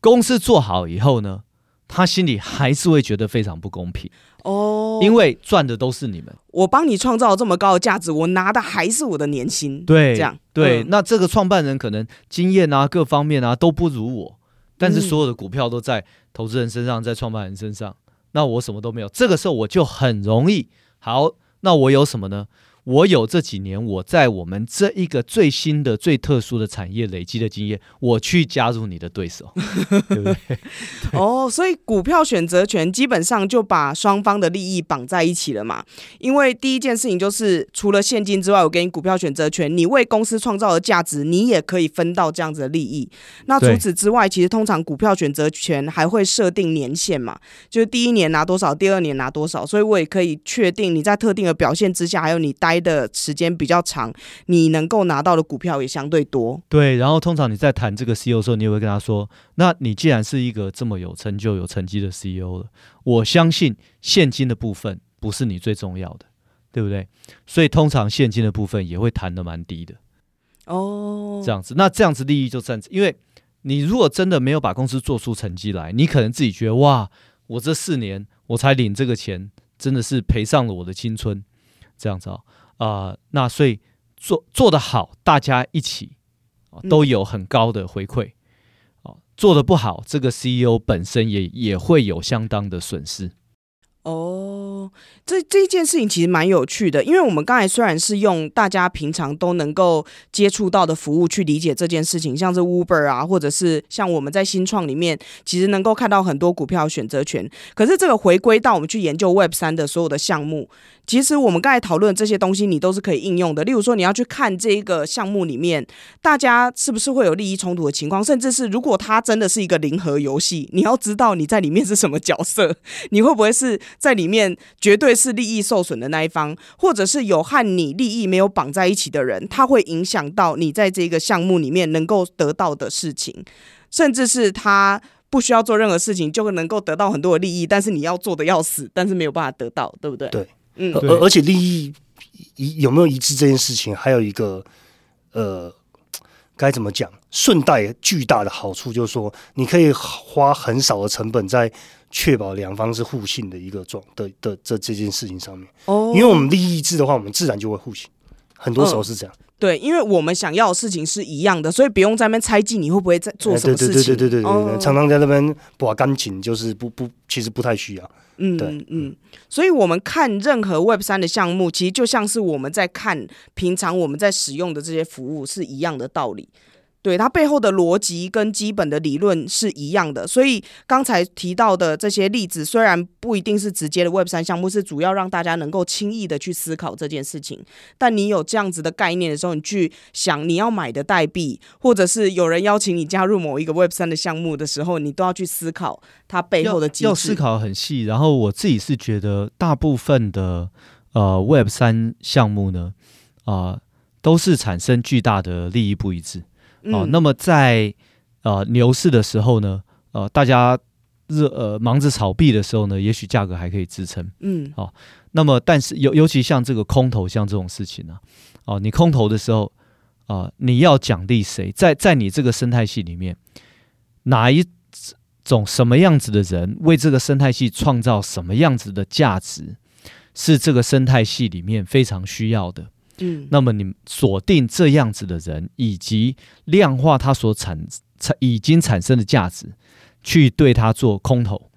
公司做好以後呢，他心裡還是會覺得非常不公平哦，Oh, 因為賺的都是你們。我幫你創造了這麼高的價值，我拿的還是我的年薪。對，這樣對。嗯、那這個創辦人可能經驗啊、各方面啊都不如我，但是所有的股票都在投資人身上，在創辦人身上，嗯、那我什麼都沒有。這個時候我就很容易。好，那我有什麼呢？我有這幾年我在我們這一個最新的最特殊的產業累積的經驗，我去加入你的對手， 對不對？哦，oh, 所以股票選擇權基本上就把雙方的利益綁在一起了嘛。因為第一件事情就是除了現金之外，我給你股票選擇權，你為公司創造的價值，你也可以分到這樣子的利益。那除此之外，對其實通常股票選擇權還會設定年限嘛，就是第一年拿多少，第二年拿多少，所以我也可以確定你在特定的表現之下，還有你待。的時間比較長，你能夠拿到的股票也相對多。對，然後通常你在談這個 CEO 的時候，你也會跟他說：“那你既然是一個這麼有成就、有成績的 CEO 了，我相信現金的部分不是你最重要的，對不對？所以通常現金的部分也會談得蠻低的。哦，oh. 這樣子，那這樣子利益就這樣子。因為你如果真的沒有把公司做出成績來，你可能自己覺得哇，我這四年我才領這個錢，真的是賠上了我的青春，這樣子哦。呃，那所以做做得好，大家一起都有很高的回饋，嗯，做得不好，這個 CEO 本身也也會有相當的損失。哦，oh, 這這一件事情其實蠻有趣的，因為我們剛才雖然是用大家平常都能夠接觸到的服務去理解這件事情，像是 Uber 啊，或者是像我們在新創裡面，其實能夠看到很多股票的選擇權。可是這個回歸到我們去研究 Web 三的所有的項目，其實我們剛才討論這些東西，你都是可以應用的。例如說，你要去看這一個項目裡面，大家是不是會有利益衝突的情況，甚至是如果它真的是一個零和遊戲，你要知道你在裡面是什麼角色，你會不會是？在裡面絕對是利益受損的那一方，或者是有和你利益沒有綁在一起的人，他會影響到你在這個項目裡面能夠得到的事情，甚至是他不需要做任何事情就能夠得到很多的利益，但是你要做的要死，但是沒有辦法得到，對不對？對，嗯，對而而且利益一有沒有一致這件事情，還有一個呃。該怎麼講？順帶巨大的好處就是說，你可以花很少的成本，在確保兩方是互信的一個狀的的這這件事情上面。哦，因為我們利益一致的話，我們自然就會互信，很多時候是這樣。嗯對，因為我們想要的事情是一樣的，所以不用在那邊猜忌你會不會在做什麼事情。欸、對對對對對，對、哦、常常在那邊把鋼琴，就是不不，其實不太需要。嗯嗯，對嗯，所以我們看任何 Web3 的項目，其實就像是我們在看平常我們在使用的這些服務是一樣的道理。對，它背後的邏輯跟基本的理論是一樣的，所以剛才提到的這些例子雖然不一定是直接的 Web 三項目，是主要讓大家能夠輕易地去思考這件事情。但你有這樣子的概念的時候，你去想你要買的代幣，或者是有人邀請你加入某一個 Web 三的項目的時候，你都要去思考它背後的機制，要，要思考很細。然後我自己是覺得大部分的呃 Web 三項目呢，啊、呃，都是產生巨大的利益不一致。哦，那麼在，呃牛市的時候呢，呃大家熱呃忙着炒幣的時候呢，也許價格還可以支撐，嗯，哦，那麼但是尤尤其像這個空投像這種事情呢、啊，哦你空投的時候，啊、呃、你要獎勵誰？在在你這個生態系裡面，哪一種什麼樣子的人為這個生態系創造什麼樣子的價值，是這個生態系裡面非常需要的。嗯，那麼你鎖定這樣子的人，以及量化他所產產已經產生的價值，去對他做空投，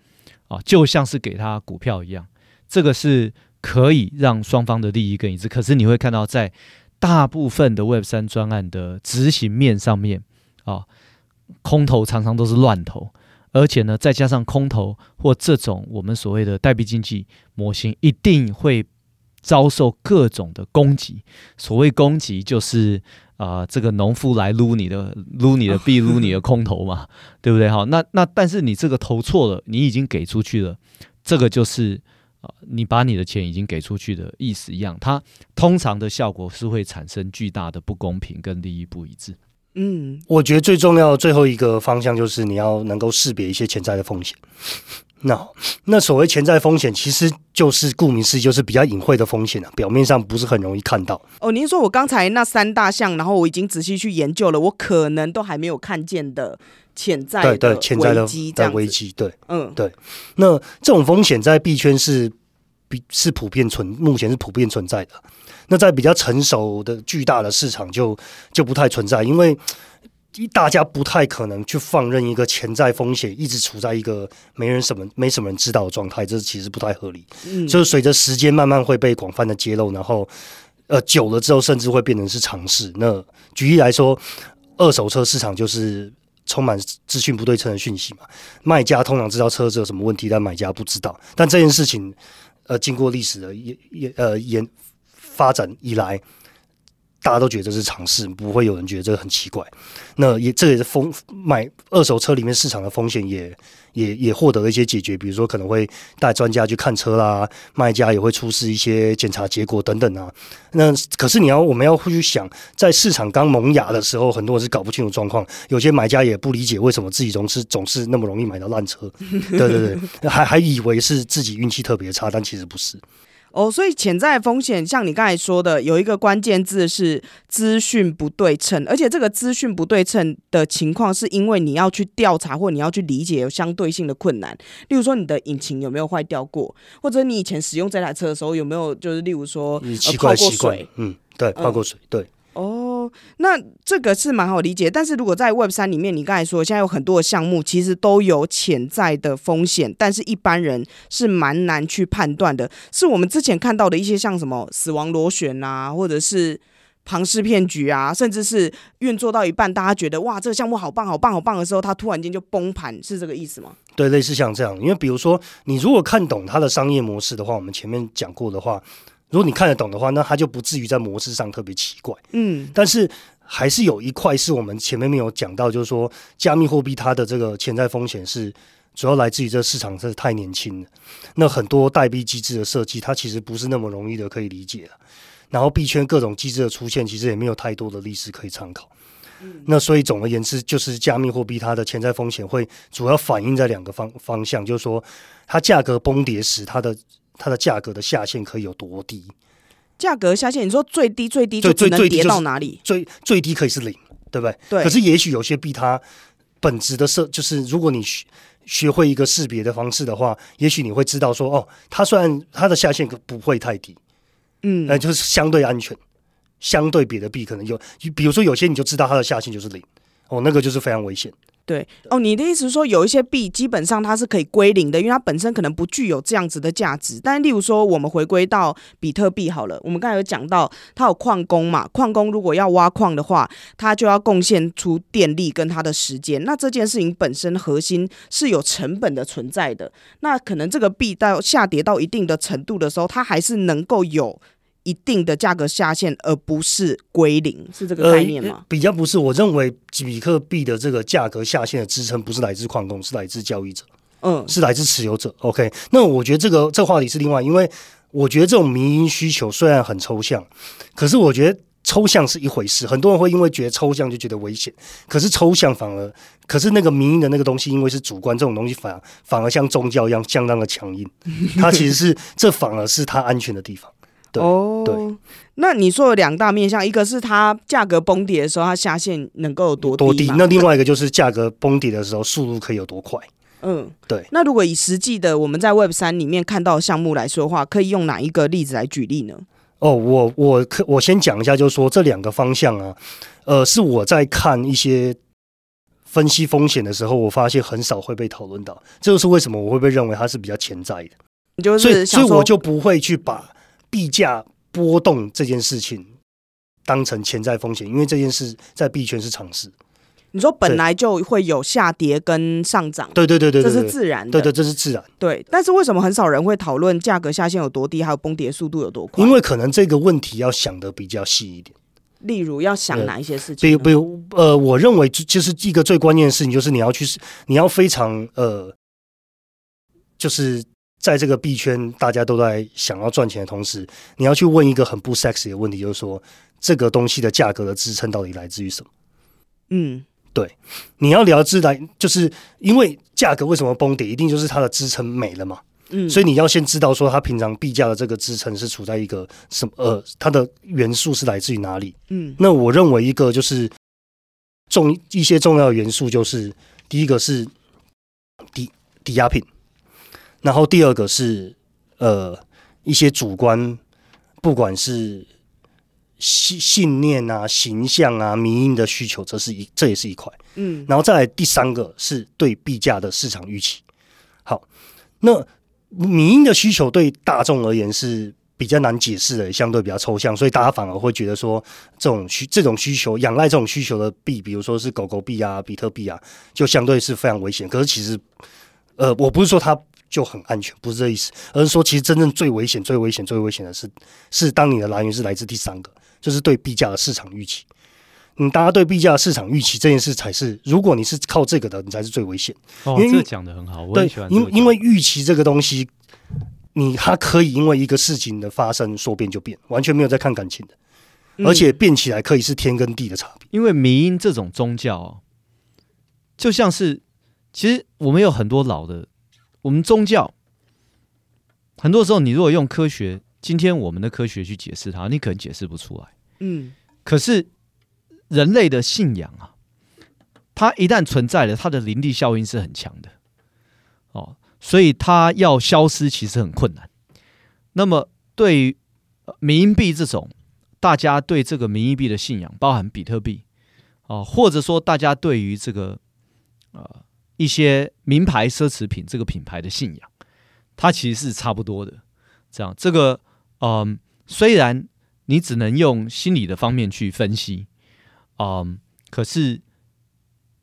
啊，就像是給他股票一樣，這個是可以讓雙方的利益更一致。可是你會看到，在大部分的 Web 三專案的執行面上面，啊，空投常常都是亂投，而且呢，再加上空投或這種我們所謂的代幣經濟模型，一定會，遭受各種的攻擊，所謂攻擊就是啊、呃，這個農夫來擼你的，擼你的幣，擼你的空投嘛，哦、呵呵呵對不對？好、哦，那那但是你這個投錯了，你已經給出去了，這個就是啊、呃，你把你的錢已經給出去的意思一樣。它通常的效果是會產生巨大的不公平跟利益不一致。嗯，我覺得最重要的最後一個方向就是你要能夠識別一些潛在的風險。那、no, 那所謂潛在風險，其實就是顧名思義，就是比較隱晦的風險啊，表面上不是很容易看到。哦，您說我剛才那三大項，然後我已經仔細去研究了，我可能都還沒有看見的潛在的危機，對對，潛在的危機，對嗯對。那這種風險在幣圈是比是普遍存，目前是普遍存在的。那在比較成熟的巨大的市場就，就就不太存在，因為。大家不太可能去放任一個潛在風險一直處在一個沒人什麼沒什麼人知道的狀態，這其實不太合理。就是、嗯、隨着時間慢慢會被廣泛的揭露，然後呃久了之後，甚至會變成是常識。那舉例來說，二手車市場就是充滿資訊不對稱的訊息嘛，賣家通常知道車子有什麼問題，但買家不知道。但這件事情，呃，經過歷史的、也、也呃、研發展以來。大家都覺得這是嘗試，不會有人覺得這很奇怪。那也這也是風買二手車裡面市場的風險，也也也獲得了一些解決，比如說可能會帶專家去看車啦，賣家也會出示一些檢查結果等等啊。那可是你要我們要去想，在市場剛萌芽的時候，很多人是搞不清楚狀況，有些買家也不理解為什麼自己總是總是那麼容易買到爛車。 對對對，還還以為是自己運氣特別差，但其實不是。哦，所以潛在的風險，像你剛才說的，有一個關鍵字是資訊不對稱，而且這個資訊不對稱的情況，是因為你要去調查或你要去理解有相對性的困難。例如說，你的引擎有沒有壞掉過，或者你以前使用這台車的時候有沒有，就是例如說你、呃、泡過水，嗯，對，泡過水，對。那這個是蠻好理解，但是如果在 Web 三裡面，你剛才說現在有很多的項目，其實都有潛在的風險，但是一般人是蠻難去判斷的。是我們之前看到的一些像什麼死亡螺旋吶、啊，或者是龐氏騙局啊，甚至是運作到一半，大家覺得哇，這個項目好棒、好棒、好棒的時候，它突然間就崩盤，是這個意思嗎？對，類似像這樣，因為比如說你如果看懂它的商業模式的話，我們前面講過的話。如果你看得懂的話，那它就不至於在模式上特別奇怪。嗯，但是還是有一塊是我們前面沒有講到，就是說加密貨幣它的這個潛在風險是主要來自於這個市場是太年輕了。那很多代幣機制的設計，它其實不是那麼容易的可以理解了啊。然後幣圈各種機制的出現，其實也沒有太多的歷史可以參考。嗯，那所以總而言之，就是加密貨幣它的潛在風險會主要反映在兩個方方向，就是說它價格崩跌時，它的。它的價格的下限可以有多低？價格下限，你說最低最低最最能跌到哪裡？最低、就是、最，最低可以是零，對不對？對。可是也許有些幣它本質的設就是，如果你學，學會一個識別的方式的話，也許你會知道說，哦，它雖然它的下限不會太低，嗯，那、呃、就是相對安全，相對別的幣可能有，比如說有些你就知道它的下限就是零，哦，那個就是非常危險。對哦，你的意思是說有一些幣基本上它是可以歸零的，因為它本身可能不具有這樣子的價值。但例如說我們回歸到比特幣好了，我們剛才有講到它有礦工嘛，礦工如果要挖礦的話，他就要貢獻出電力跟他的時間。那這件事情本身核心是有成本的存在的。那可能這個幣到下跌到一定的程度的時候，它還是能夠有。一定的價格下限，而不是歸零，是這個概念嗎？呃，比較不是，我認為比特幣的這個價格下限的支撐不是來自礦工，是來自交易者，嗯，是來自持有者。OK，那我覺得這個這個話題是另外，因為我覺得這種迷因需求雖然很抽象，可是我覺得抽象是一回事，很多人會因為覺得抽象就覺得危險，可是抽象反而，可是那個迷因的那個東西，因為是主觀這種東西反，反反而像宗教一樣相當的強硬，它其實是這，反而是它安全的地方。 對哦，對，那你說的兩大面向，一個是它價格崩底的時候，它下限能夠有多低，多低？那另外一個就是價格崩底的時候，速度可以有多快？嗯，對。那如果以實際的我們在 Web 三裡面看到項目來說的話，可以用哪一個例子來舉例呢？哦，我我我先講一下，就是說這兩個方向啊，呃，是我在看一些分析風險的時候，我發現很少會被討論到，這就是為什麼我會被認為它是比較潛在的。你就是所以，所以我就不會去把。幣價波動這件事情當成潛在風險，因為這件事在幣圈是常事。你說本來就會有下跌跟上漲，對對對對，這是自然的，對對，這是自然。對，但是為什麼很少人會討論價格下限有多低，還有崩跌速度有多快？因為可能這個問題要想得比較細一點，例如要想哪一些事情，呃，比如。比如，呃，我認為就是一個最關鍵的事情就是你要去，你要非常呃，就是。在這個幣圈，大家都在想要賺錢的同時，你要去問一個很不 sexy 的問題，就是說這個東西的價格的支撐到底來自於什麼？嗯，對，你要了知來，就是因為價格為什麼崩跌，一定就是它的支撐沒了嘛。嗯，所以你要先知道說它平常幣價的這個支撐是處在一個什麼？呃，它的元素是來自於哪裡？嗯，那我認為一個就是重一些重要的元素，就是第一個是抵抵押品。然後第二個是，呃，一些主觀，不管是信信念啊、形象啊、迷因的需求，這是一，這也是一塊。嗯，然後再來第三個是對幣價的市場預期。好，那迷因的需求對大眾而言是比較難解釋的，相對比較抽象，所以大家反而會覺得說這，這種需這種需求仰賴這種需求的幣，比如說是狗狗幣啊、比特幣啊，就相對是非常危險。可是其實，呃，我不是說它。就很安全，不是這意思，而是說，其實真正最危險、最危險、最危險的是，是當你的來源是來自第三個，就是對幣價的市場預期。你、嗯、大家對幣價的市場預期這件事才是，如果你是靠這個的，你才是最危險。哦，因為這講得很好，對我也喜歡。因為預期這個東西，你它可以因為一個事情的發生說變就變，完全沒有在看感情的，嗯、而且變起來可以是天跟地的差別。因為迷因這種宗教，就像是其實我們有很多老的。我們宗教很多時候，你如果用科學，今天我們的科學去解釋它，你可能解釋不出來。嗯，可是人類的信仰啊，它一旦存在了，它的靈力效應是很強的。哦，所以它要消失其實很困難。那麼對於民幣這種，大家對這個民幣的信仰，包含比特幣，哦，或者說大家對於這個，呃。一些名牌奢侈品，這個品牌的信仰，它其實是差不多的。這樣，這個，嗯，雖然你只能用心理的方面去分析，嗯，可是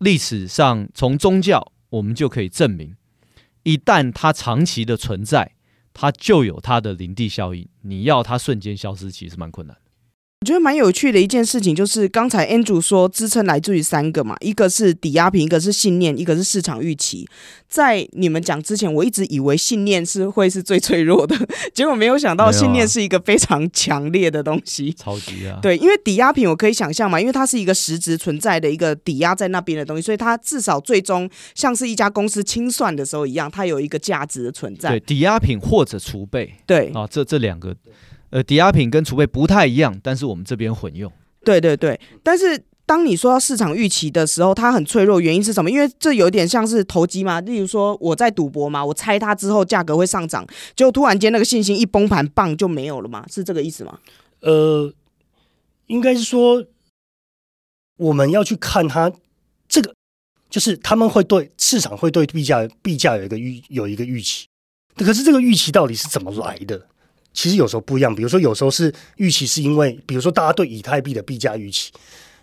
歷史上從宗教，我們就可以證明，一旦它長期的存在，它就有它的林迪效應。你要它瞬間消失，其實是蠻困難。我覺得蠻有趣的一件事情，就是剛才 Andrew 說支撐來自於三個嘛，一個是抵押品，一個是信念，一個是市場預期。在你們講之前，我一直以為信念是會是最脆弱的，結果沒有想到信念是一個非常強烈的東西。超級啊！對，因為抵押品我可以想象嘛，因為它是一個實質存在的一個抵押在那邊的東西，所以它至少最終像是一家公司清算的時候一樣，它有一個價值的存在。對，抵押品或者儲備。對啊，這這兩個。呃，抵押品跟儲備不太一樣，但是我們這邊混用。對對對，但是當你說到市場預期的時候，它很脆弱，原因是什麼？因為這有點像是投機嘛，例如說我在賭博嘛，我猜它之後價格會上漲，就突然間那個信心一崩盤，棒就沒有了嘛，是這個意思嗎？呃，應該是說我們要去看它，這個就是他們會對市場會對幣價幣價有一個預有一個預期，可是這個預期到底是怎麼來的？其實有時候不一樣，比如說有時候是預期，是因為比如說大家對以太幣的幣價預期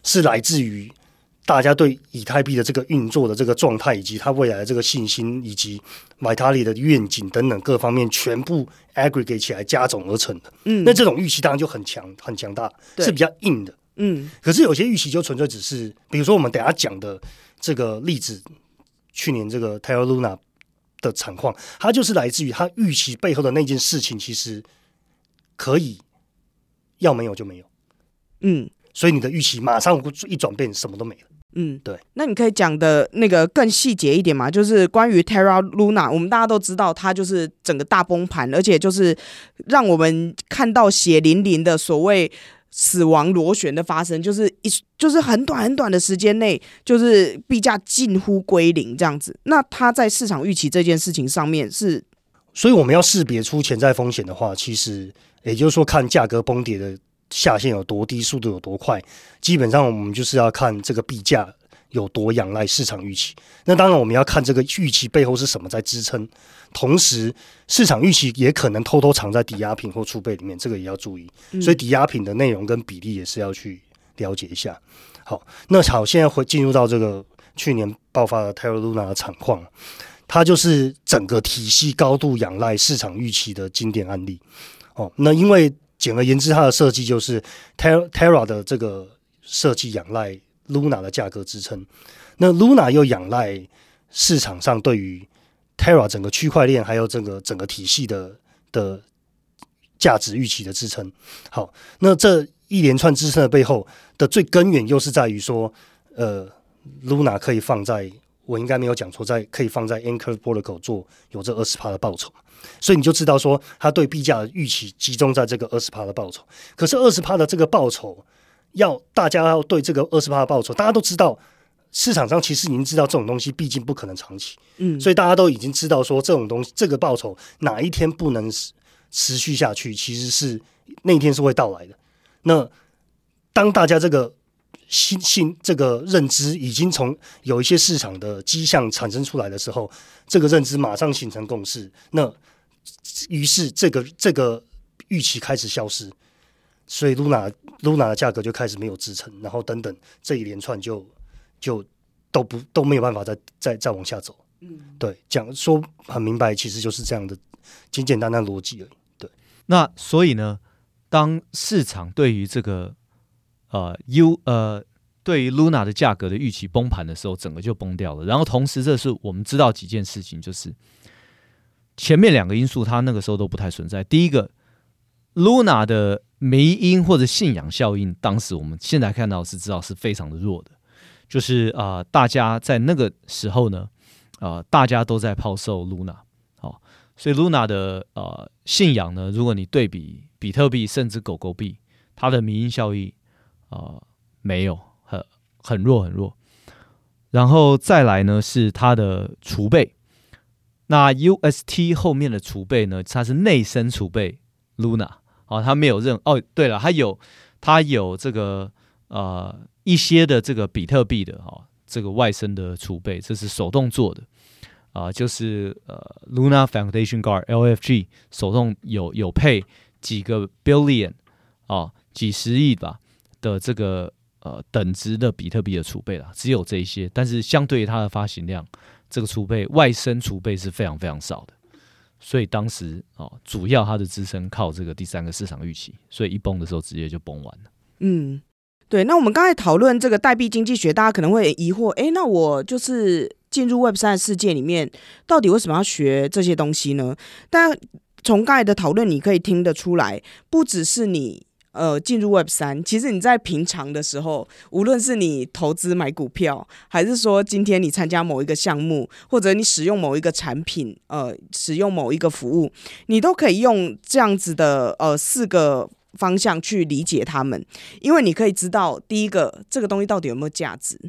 是來自於大家對以太幣的這個運作的這個狀態，以及它未來的這個信心，以及 m 塔利的願景等等各方面全部 aggregate 起來加總而成的。嗯，那這種預期當然就很強、很強大，對是比較硬的。嗯，可是有些預期就純粹只是，比如說我們等下講的這個例子，去年這個 Terra Luna 的產況它就是來自於它預期背後的那件事情，其實。可以，要沒有就沒有，嗯，所以你的預期馬上一轉變，什麼都沒了，嗯，對。那你可以講的那個更細節一點嘛？就是關於 Terra Luna，我們大家都知道，它就是整個大崩盤，而且就是讓我們看到血淋淋的所謂死亡螺旋的發生，就是一就是很短很短的時間內，就是幣價近乎歸零這樣子。那它在市場預期這件事情上面是，所以我們要識別出潛在風險的話，其實。也就是說，看價格崩跌的下限有多低，速度有多快，基本上我們就是要看這個幣價有多仰賴市場預期。那當然，我們要看這個預期背後是什麼在支撐，同時市場預期也可能偷偷藏在抵押品或儲備裡面，這個也要注意。嗯、所以，抵押品的內容跟比例也是要去了解一下。好，那好，現在會進入到這個去年爆發的 Terra Luna 的情況，它就是整個體系高度仰賴市場預期的經典案例。哦，那因為簡而言之，它的設計就是 Terra Terra 的這個設計仰賴 Luna 的價格支撐，那 Luna 又仰賴市場上對於 Terra 整個區塊鏈還有這個整個體系的的價值預期的支撐。好，那這一連串支撐的背後的最根源，又是在於說，呃，Luna 可以放在，我應該沒有講錯，在可以放在 Anchor Protocol 做有這二十趴的報酬。所以你就知道說，他對幣價的預期集中在這個二十趴的報酬。可是二十趴的這個報酬，要大家要對這個二十趴的報酬，大家都知道，市場上其實已經知道這種東西畢竟不可能長期。嗯，所以大家都已經知道說，這種東西這個報酬哪一天不能持續下去，其實是那天是會到來的。那當大家這個信心這個認知已經從有一些市場的跡象產生出來的時候，這個認知馬上形成共識。那於是，這個這個預期開始消失，所以 Luna, Luna 的價格就開始沒有支撐，然後等等，這一連串就就都不都沒有辦法再再再往下走。嗯，對，講說很明白，其實就是這樣的簡簡單單的邏輯而已。對，那所以呢，當市場對於這個呃 U 呃對於 Luna 的價格的預期崩盤的時候，整個就崩掉了。然後同時，這是我們知道幾件事情，就是。前面兩個因素，它那個時候都不太存在。第一個，Luna 的迷因或者信仰效應，當時我們現在看到是知道是非常的弱的，就是啊、呃，大家在那個時候呢，啊、呃，大家都在拋售 Luna，好、哦，所以 Luna 的呃信仰呢，如果你對比比特幣甚至狗狗幣，它的迷因效應啊、呃，沒有很很弱很弱。然後再來呢，是它的儲備。那 UST 後面的儲備呢？它是內生儲備 Luna，哦，它沒有任哦。對了，它有它有這個呃一些的這個比特幣的哈、哦，這個外生的儲備，這是手動做的啊、呃，就是呃 Luna Foundation Guard LFG 手動有有配幾個 billion、哦、幾十億吧的這個呃等值的比特幣的儲備了，只有這一些，但是相對於它的發行量。這個儲備外生儲備是非常非常少的，所以當時哦，主要它的支撐靠這個第三個市場預期，所以一崩的時候直接就崩完了。嗯，對。那我們剛才討論這個代幣經濟學，大家可能會疑惑，哎，那我就是進入 Web3 的世界裡面，到底為什麼要學這些東西呢？但從剛才的討論，你可以聽得出來，不只是你。呃，進入 Web 三，其實你在平常的時候，無論是你投資買股票，還是說今天你參加某一個項目，或者你使用某一個產品，呃，使用某一個服務，你都可以用這樣子的呃四個方向去理解他們，因為你可以知道第一個這個東西到底有沒有價值。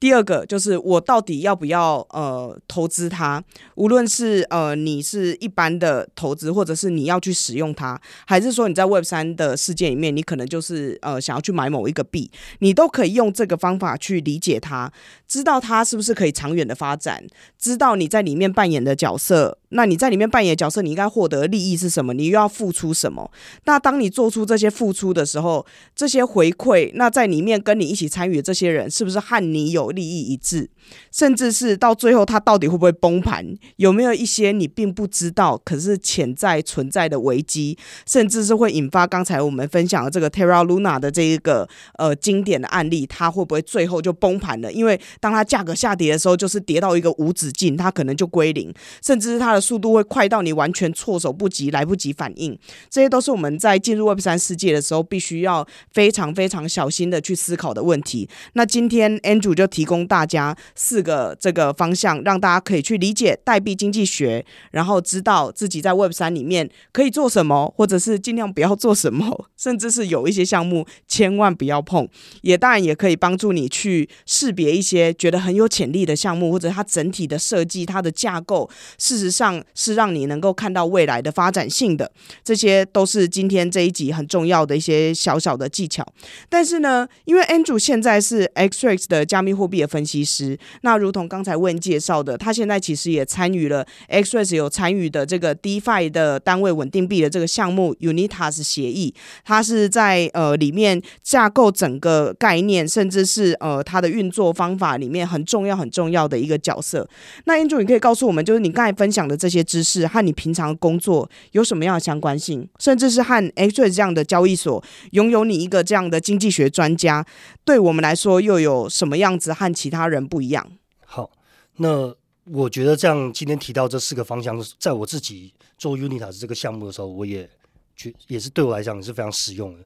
第二個就是我到底要不要呃投資它？無論是呃你是一般的投資，或者是你要去使用它，還是說你在 Web 三的世界裡面，你可能就是呃想要去買某一個幣，你都可以用這個方法去理解它，知道它是不是可以長遠的發展，知道你在裡面扮演的角色。那你在裡面扮演的角色，你應該獲得的利益是什麼？你又要付出什麼？那當你做出這些付出的時候，這些回饋，那在裡面跟你一起參與的這些人，是不是和你有？利益一致，甚至是到最後，它到底會不會崩盤？有沒有一些你並不知道，可是潛在存在的危機，甚至是會引發剛才我們分享的這個 Terra Luna 的這一個呃經典的案例，它會不會最後就崩盤了？因為當它價格下跌的時候，就是跌到一個無止境，它可能就歸零，甚至是它的速度會快到你完全措手不及、來不及反應。這些都是我們在進入 Web 三世界的時候，必須要非常非常小心的去思考的問題。那今天 Andrew 就。提供大家四個這個方向，讓大家可以去理解代幣經濟學，然後知道自己在 Web 三裡面可以做什麼，或者是盡量不要做什麼，甚至是有一些項目千萬不要碰。也當然也可以幫助你去識別一些覺得很有潛力的項目，或者它整體的設計、它的架構，事實上是讓你能夠看到未來的發展性的。這些都是今天這一集很重要的一些小小的技巧。但是呢，因為 Andrew 現在是 XREX 的加密貨幣的分析師，那如同剛才 Wayne 介紹的，他現在其實也參與了 XREX 有參與的這個 DeFi 的單位穩定幣的這個項目 Unitas 協議，他是在呃裡面架構整個概念，甚至是呃它的運作方法裡面很重要很重要的一個角色。那 Andrew，你可以告訴我們，就是你剛才分享的這些知識和你平常的工作有什麼樣的相關性，甚至是和 XREX 這樣的交易所擁有你一個這樣的經濟學專家，對我們來說又有什麼樣子？和其他人不一樣。好，那我覺得這樣今天提到這四個方向，在我自己做 Unitas 這個項目的時候，我也覺也是對我來講也是非常實用的。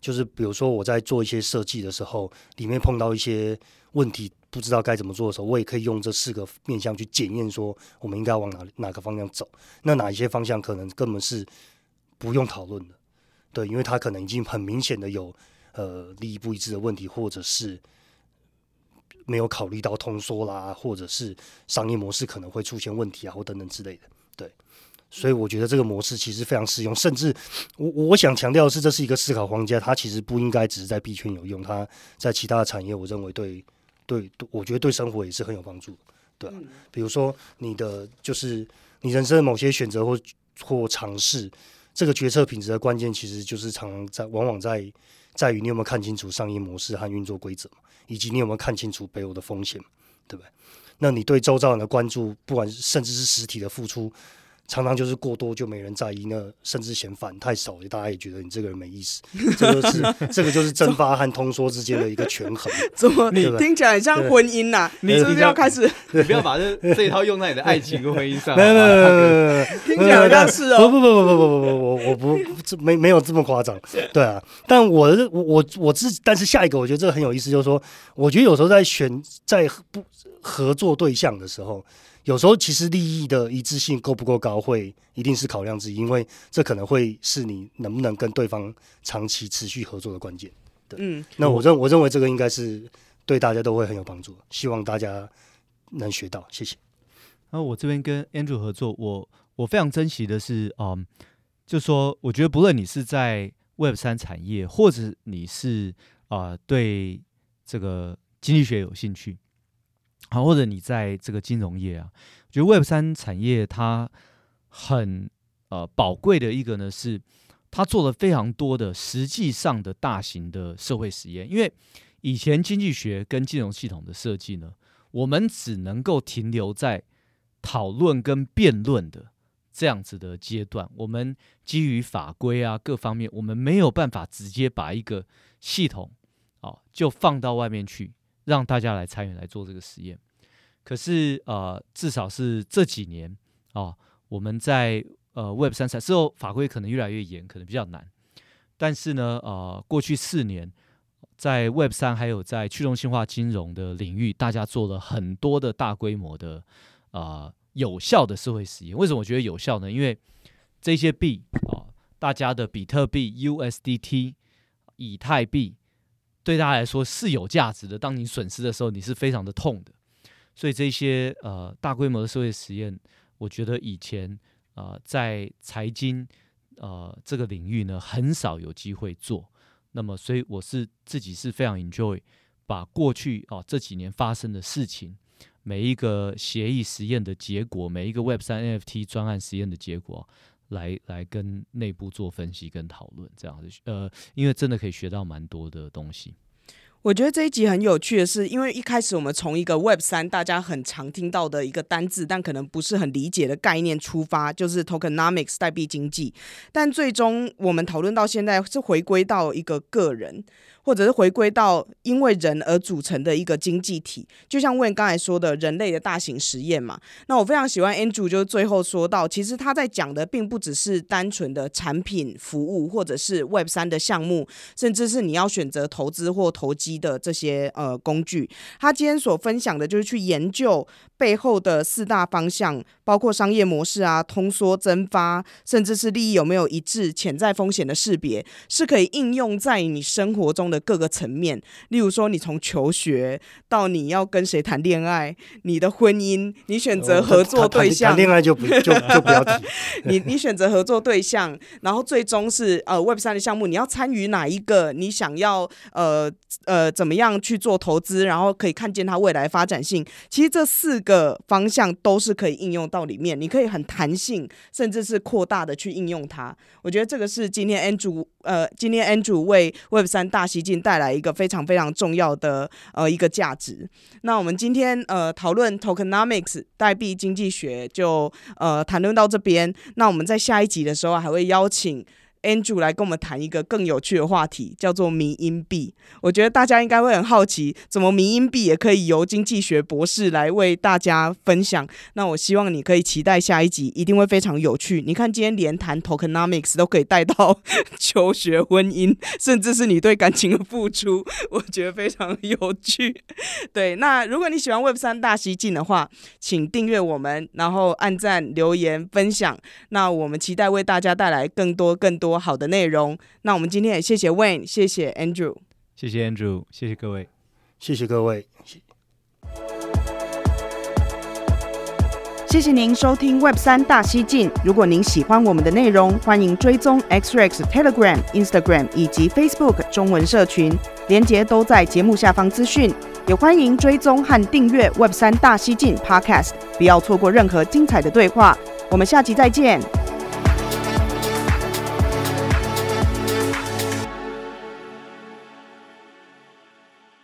就是比如說我在做一些設計的時候，裡面碰到一些問題，不知道該怎麼做的時候，我也可以用這四個面向去檢驗，說我們應該要往哪哪個方向走。那哪一些方向可能根本是不用討論的？對，因為它可能已經很明顯的有呃利益不一致的問題，或者是。沒有考慮到通縮啦，或者是商業模式可能會出現問題啊，或等等之類的。對，所以我覺得這個模式其實非常適用。甚至我我想強調的是，這是一個思考框架，它其實不應該只是在幣圈有用，它在其他的產業，我認為，對對，對，我覺得對生活也是很有幫助，對啊。嗯。比如說你的就是你人生的某些選擇或或嘗試，這個決策品質的關鍵其實就是常在，往往在。在於你有沒有看清楚商業模式和運作規則，以及你有沒有看清楚背後的風險，對不對？那你對周遭人的關注，不管甚至是實體的付出。常常就是過多就沒人在意呢，甚至嫌煩；太少，大家也覺得你這個人沒意思。這個是這個就是增發和通縮之間的一個權衡。怎麼？你聽起來很像婚姻啊？你是不是要開始？你不要把這這一套用在你的愛情跟婚姻上。沒有，沒有，沒有，沒有，聽起來好像是。不不不不不不不不，我我不沒沒有這麼誇張。對啊，但我我我自己。但是下一個我覺得這個很有意思，就是說，我覺得有時候在選在不合作對象的時候。有時候其實利益的一致性夠不夠高，會一定是考量之一，因為這可能會是你能不能跟對方長期持續合作的關鍵。對，嗯，那我認、嗯、我認為這個應該是對大家都會很有幫助，希望大家能學到，謝謝。然後、啊、我這邊跟 Andrew 合作，我我非常珍惜的是，嗯，就說我覺得不論你是在 Web 三產業，或者你是啊、呃、對這個經濟學有興趣。啊，或者你在這個金融業啊，我覺得 Web3 產業它很呃寶貴的一個呢，是它做了非常多的實際上的大型的社會實驗。因為以前經濟學跟金融系統的設計呢，我們只能夠停留在討論跟辯論的這樣子的階段。我們基於法規啊、各方面，我們沒有辦法直接把一個系統啊，哦，就放到外面去。讓大家來參與來做這個實驗，可是呃，至少是這幾年啊、呃，我們在呃 Web 三才之後，法規可能越來越嚴，可能比較難。但是呢，呃，過去四年在 Web 三還有在去中心化金融的領域，大家做了很多的大規模的啊、呃、有效的社會實驗。為什麼我覺得有效呢？因為這些幣啊、呃，大家的比特幣、USDT、以太幣。對大家來說是有價值的。當你損失的時候，你是非常的痛的。所以這些呃大規模的社會實驗，我覺得以前啊、呃、在財經呃這個領域呢，很少有機會做。那麼，所以我是自己是非常 enjoy 把過去啊這幾年發生的事情，每一個協議實驗的結果，每一個 Web3 NFT 專案實驗的結果。來來跟內部做分析跟討論，這樣子，呃，因為真的可以學到蠻多的東西。我覺得這一集很有趣的是，因為一開始我們從一個 Web3，大家很常聽到的一個單字，但可能不是很理解的概念出發，就是 Tokenomics 代幣經濟，但最終我們討論到現在是回歸到一個個人。或者是回歸到因為人而組成的一個經濟體，就像 Wayne 剛才說的人類的大型實驗嘛。那我非常喜歡 Andrew，就是最後說到，其實他在講的並不只是單純的產品服務，或者是 Web 三的項目，甚至是你要選擇投資或投機的這些呃工具。他今天所分享的就是去研究背後的四大方向，包括商業模式啊、通縮增發，甚至是利益有沒有一致、潛在風險的識別，是可以應用在你生活中的各個層面，例如說，你從求學到你要跟誰談戀愛，你的婚姻，你選擇合作對象，呃、戀愛就不就就不要提。 你你選擇合作對象，然後最終是呃 Web 三的項目，你要參與哪一個？你想要呃呃怎麼樣去做投資？然後可以看見它未來發展性。其實這四個方向都是可以應用到裡面，你可以很彈性，甚至是擴大的去應用它。我覺得這個是今天 Andrew。呃，今天 Andrew 為 Web3 大西進帶來一個非常非常重要的呃一個價值。那我們今天呃討論 Tokenomics 代幣經濟學就呃談論到這邊。那我們在下一集的時候還會邀請。Andrew 來跟我們談一個更有趣的話題，叫做“迷因幣”。我覺得大家應該會很好奇，怎麼迷因幣也可以由經濟學博士來為大家分享。那我希望你可以期待下一集，一定會非常有趣。你看，今天連談 Tokenomics 都可以帶到求學、婚姻，甚至是你對感情的付出，我覺得非常有趣。對，那如果你喜歡 Web 三大西進的話，請訂閱我們，然後按讚、留言、分享。那我們期待為大家帶來更多、更多。多好的內容！那我們今天也謝謝 Wayne，謝謝 Andrew，謝謝 Andrew，謝謝各位，謝謝各位，謝謝您收聽 Web 3大西進。如果您喜歡我們的內容，歡迎追蹤 XREX Telegram、Instagram 以及 Facebook 中文社群，連結都在節目下方資訊。也歡迎追蹤和訂閱 Web 3大西進 Podcast，不要錯過任何精彩的對話。我們下集再見。